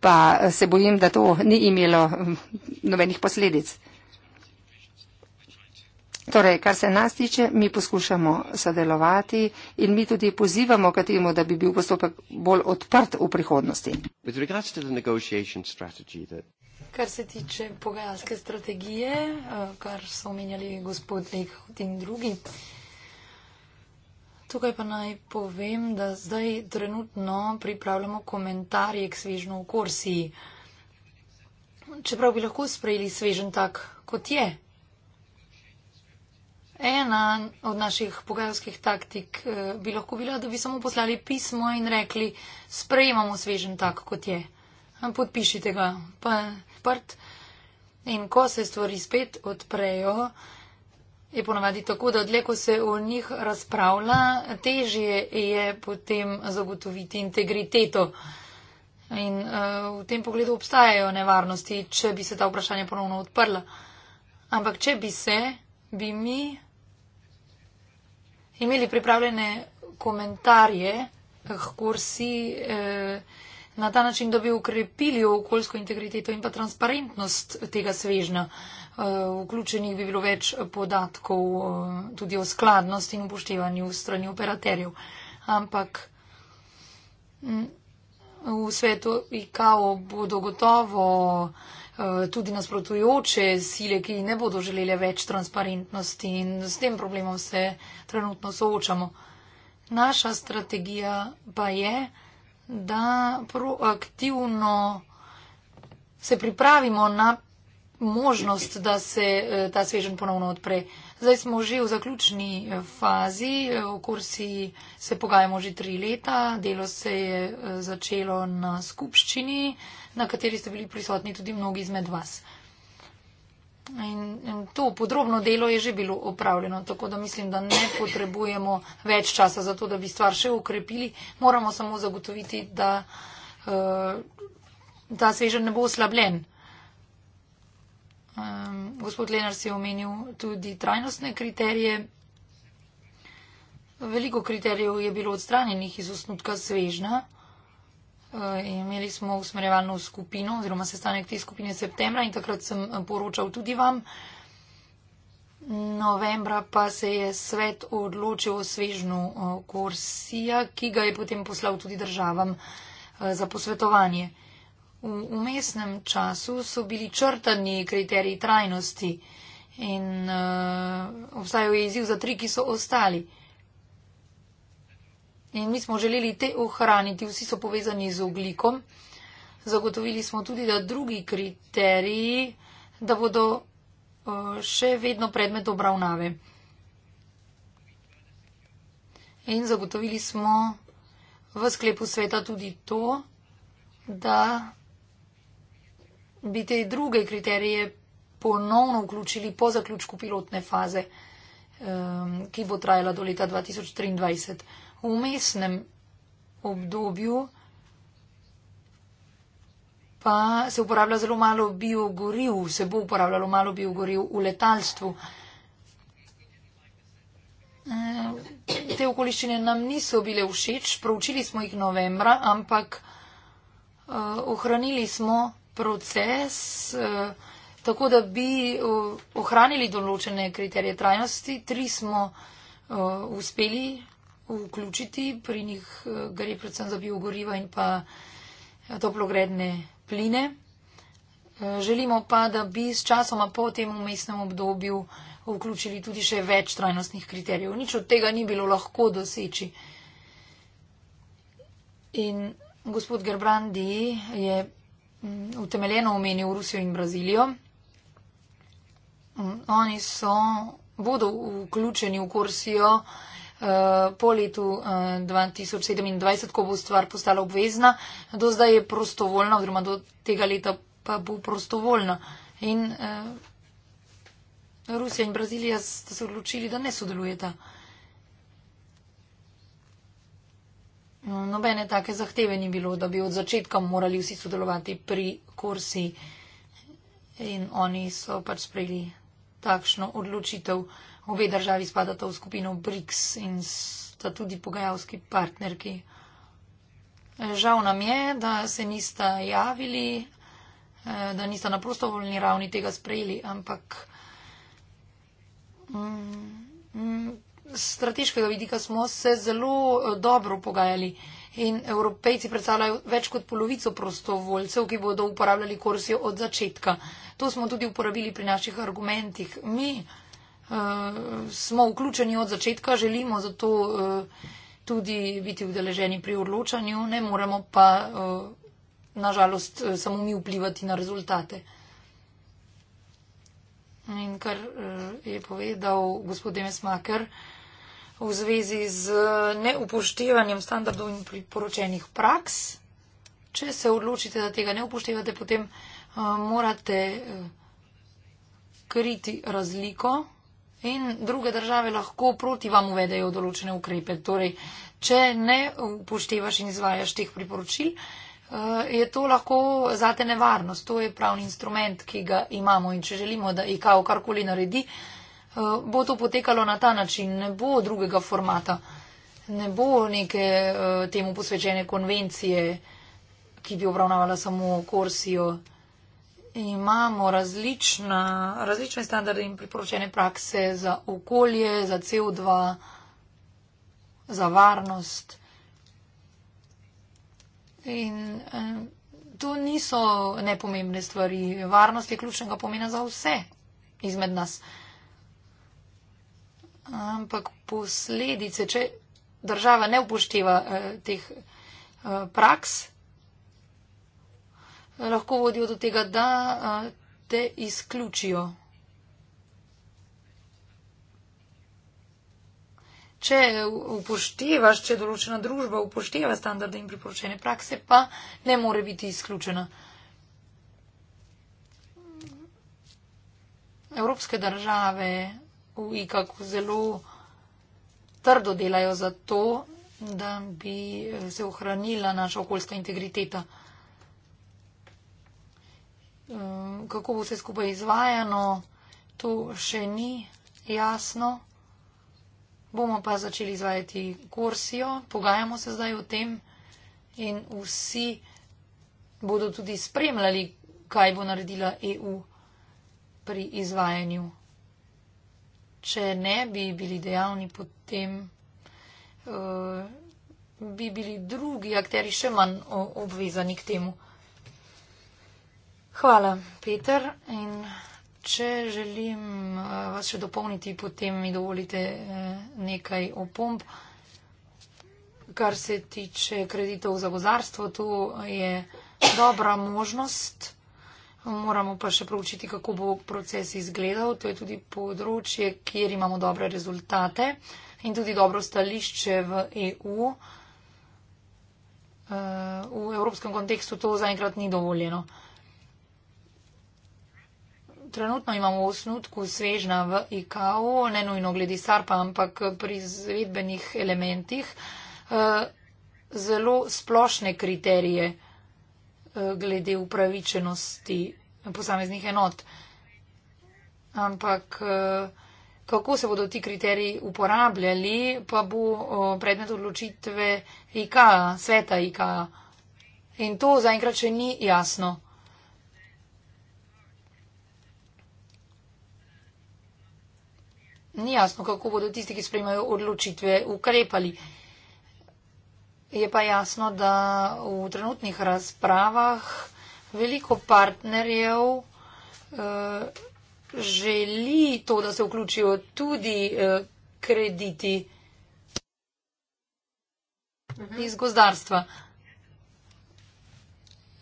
pa eh, se bojim, da to ni imelo hm, nobenih posledic. Torej, kar se nas tiče, mi poskušamo sodelovati in mi tudi pozivamo k temu, da bi bil postopek bolj odprt v prihodnosti. Kar se tiče pogajalske strategije, eh, kar so omenjali gospod Lekaut in drugi, tukaj pa naj povem, da zdaj trenutno pripravljamo komentarje k svežnu v Korsiji. Čeprav bi lahko sprejeli svežen tak, kot je, ena od naših pogajalskih taktik eh, bi lahko bila, da bi samo poslali pismo in rekli, sprejemamo svežen tak, kot je. Podpišite ga, pa prt. In ko se stvari spet odprejo, je ponavadi tako, da dlje, ko se o njih razpravlja, težje je potem zagotoviti integriteto. In uh, v tem pogledu obstajajo nevarnosti, če bi se ta vprašanja ponovno odprla. Ampak če bi se, bi mi imeli pripravljene komentarje, kako si eh, na ta način, da bi ukrepili okoljsko integriteto in pa transparentnost tega svežna. Eh, vključenih bi bilo več podatkov eh, tudi o skladnosti in upoštevanju strani operaterjev. Ampak mm, v svetu IKO bodo gotovo Eh, tudi nasprotujoče sile, ki ne bodo želele več transparentnosti in s tem problemom se trenutno soočamo. Naša strategija pa je, da proaktivno se pripravimo na možnost, da se eh, ta svežen ponovno odpre. Zdaj smo že v zaključni eh, fazi, v kursi se pogajamo že tri leta, delo se je začelo na skupščini, na kateri ste bili prisotni tudi mnogi izmed vas. In, in to podrobno delo je že bilo opravljeno, tako da mislim, da ne potrebujemo več časa za to, da bi stvar še ukrepili. Moramo samo zagotoviti, da uh, ta svežen ne bo oslabljen. Um, gospod Lenar si je omenil tudi trajnostne kriterije. Veliko kriterijev je bilo odstranjenih iz osnutka svežna. Eh, imeli smo usmerjevalno skupino oziroma sestanek te skupine septembra in takrat sem eh, poročal tudi vam. Novembra pa se je svet odločil o svežnu kursija, eh, ki ga je potem poslal tudi državam za posvetovanje. V umestnem času so bili črtani kriteriji trajnosti in uh, obstajal je izziv za tri, ki so ostali. Uh, In mi smo želeli te ohraniti, vsi so povezani z oglikom. Zagotovili smo tudi, da drugi kriteriji, da bodo eh, še vedno predmet obravnave. In zagotovili smo v sklepu sveta tudi to, da bi te druge kriterije ponovno vključili po zaključku pilotne faze, eh, ki bo trajala do leta 2023 vmesnem obdobju pa se uporablja zelo malo biogoriv, se bo uporabljalo malo biogoriv v letalstvu. Eh, te okoliščine nam niso bile všeč, proučili smo jih novembra, ampak eh, ohranili smo proces, eh, tako da bi ohranili določene kriterije trajnosti. Tri smo uspeli vključiti. Pri njih eh, gre predvsem za biogoriva in pa eh, toplogredne pline. Eh, želimo pa, da bi s časoma po tem umestnem obdobju vključili tudi še več trajnostnih kriterijev. Nič od tega ni bilo lahko doseči. In gospod Gerbrandi je mm, utemeljeno omenil Rusijo in Brazilijo. Mm, oni so, bodo vključeni v kursijo Eh, po letu 2027, eh, ko bo stvar postala obvezna. Do zdaj je prostovoljna, oziroma do tega leta pa bo prostovoljna. In eh, Rusija in Brazilija sta se odločili, da ne sodelujeta. No, nobene take zahteve ni bilo, da bi od začetka morali vsi sodelovati pri kursi in oni so pač sprejeli takšno odločitev obe državi spadata v skupino BRICS in sta tudi pogajalski partnerki. Žal nam je, da se nista javili, eh, da nista na prostovoljni ravni tega sprejeli, ampak z mm, mm, strateškega vidika smo se zelo eh, dobro pogajali in evropejci predstavljajo več kot polovico prostovoljcev, ki bodo uporabljali korsijo od začetka. To smo tudi uporabili pri naših argumentih. Mi Eh, smo vključeni od začetka, želimo zato eh, tudi biti udeleženi pri odločanju, ne moremo pa eh, nažalost samo mi vplivati na rezultate. In kar je povedal gospod Demesmaker v zvezi z neupoštevanjem standardov in priporočenih praks, če se odločite, da tega ne upoštevate, potem morate kriti razliko In druge države lahko proti vam uvedejo določene ukrepe. Torej, če ne upoštevaš in izvajaš teh priporočil, eh, je to lahko zate nevarnost. To je pravni instrument, ki ga imamo in če želimo, da IKO karkoli naredi, eh, bo to potekalo na ta način. Ne bo drugega formata, ne bo neke eh, temu posvečene konvencije, ki bi obravnavala samo korsijo imamo različna, različne standarde in priporočene prakse za okolje, za CO2, za varnost. In eh, to niso nepomembne stvari. Varnost je ključnega pomena za vse izmed nas. Ampak posledice, če država ne upošteva eh, teh eh, praks, eh, lahko vodijo do tega, da te izključijo. Če upoštevaš, če določena družba upošteva standarde in priporočene prakse, pa ne more biti izključena. Evropske države v IKAK zelo trdo delajo za to, da bi se ohranila naša okoljska integriteta. Eh, kako bo vse skupaj izvajano, to še ni jasno. Bomo pa začeli izvajati kursijo, pogajamo se zdaj o tem in vsi bodo tudi spremljali, kaj bo naredila EU pri izvajanju. Če ne bi bili dejavni, potem uh, bi bili drugi akteri še manj obvezani k temu. Hvala, Peter. In če želim eh, vas še dopolniti, potem mi dovolite eh, nekaj opomb. Kar se tiče kreditov za gozarstvo, to je dobra možnost. Moramo pa še proučiti, kako bo proces izgledal. To je tudi področje, kjer imamo dobre rezultate in tudi dobro stališče v EU. Eh, v evropskem kontekstu to zaenkrat ni dovoljeno trenutno imamo v osnutku svežna v IKO, ne nujno glede SARPA, ampak pri izvedbenih elementih, eh, zelo splošne kriterije eh, glede upravičenosti posameznih enot. Ampak eh, kako se bodo ti kriteriji uporabljali, pa bo predmet odločitve IKA, sveta IKA. In to zaenkrat še ni jasno. ni jasno, kako bodo tisti, ki sprejmajo odločitve, ukrepali. Je pa jasno, da v trenutnih razpravah veliko partnerjev eh, želi to, da se vključijo tudi eh, krediti mhm. iz gozdarstva.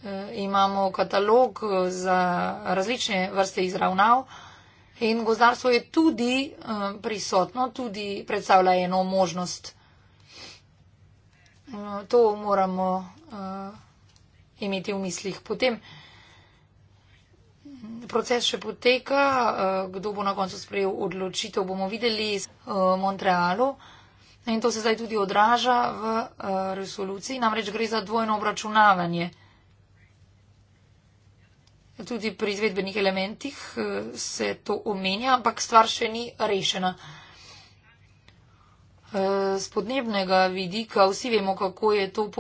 Eh, imamo katalog eh, za različne vrste izravnav. In gozdarstvo je tudi eh, prisotno, tudi predstavlja eno možnost. Eh, to moramo eh, imeti v mislih. Potem mm, proces še poteka, kdo bo na koncu sprejel odločitev, bomo videli v Montrealu. In to se zdaj tudi odraža v resoluciji, namreč gre za dvojno obračunavanje. Tudi pri izvedbenih elementih eh, se to omenja, ampak stvar še ni rešena. Eh, z podnebnega vidika vsi vemo, kako je to pomembno.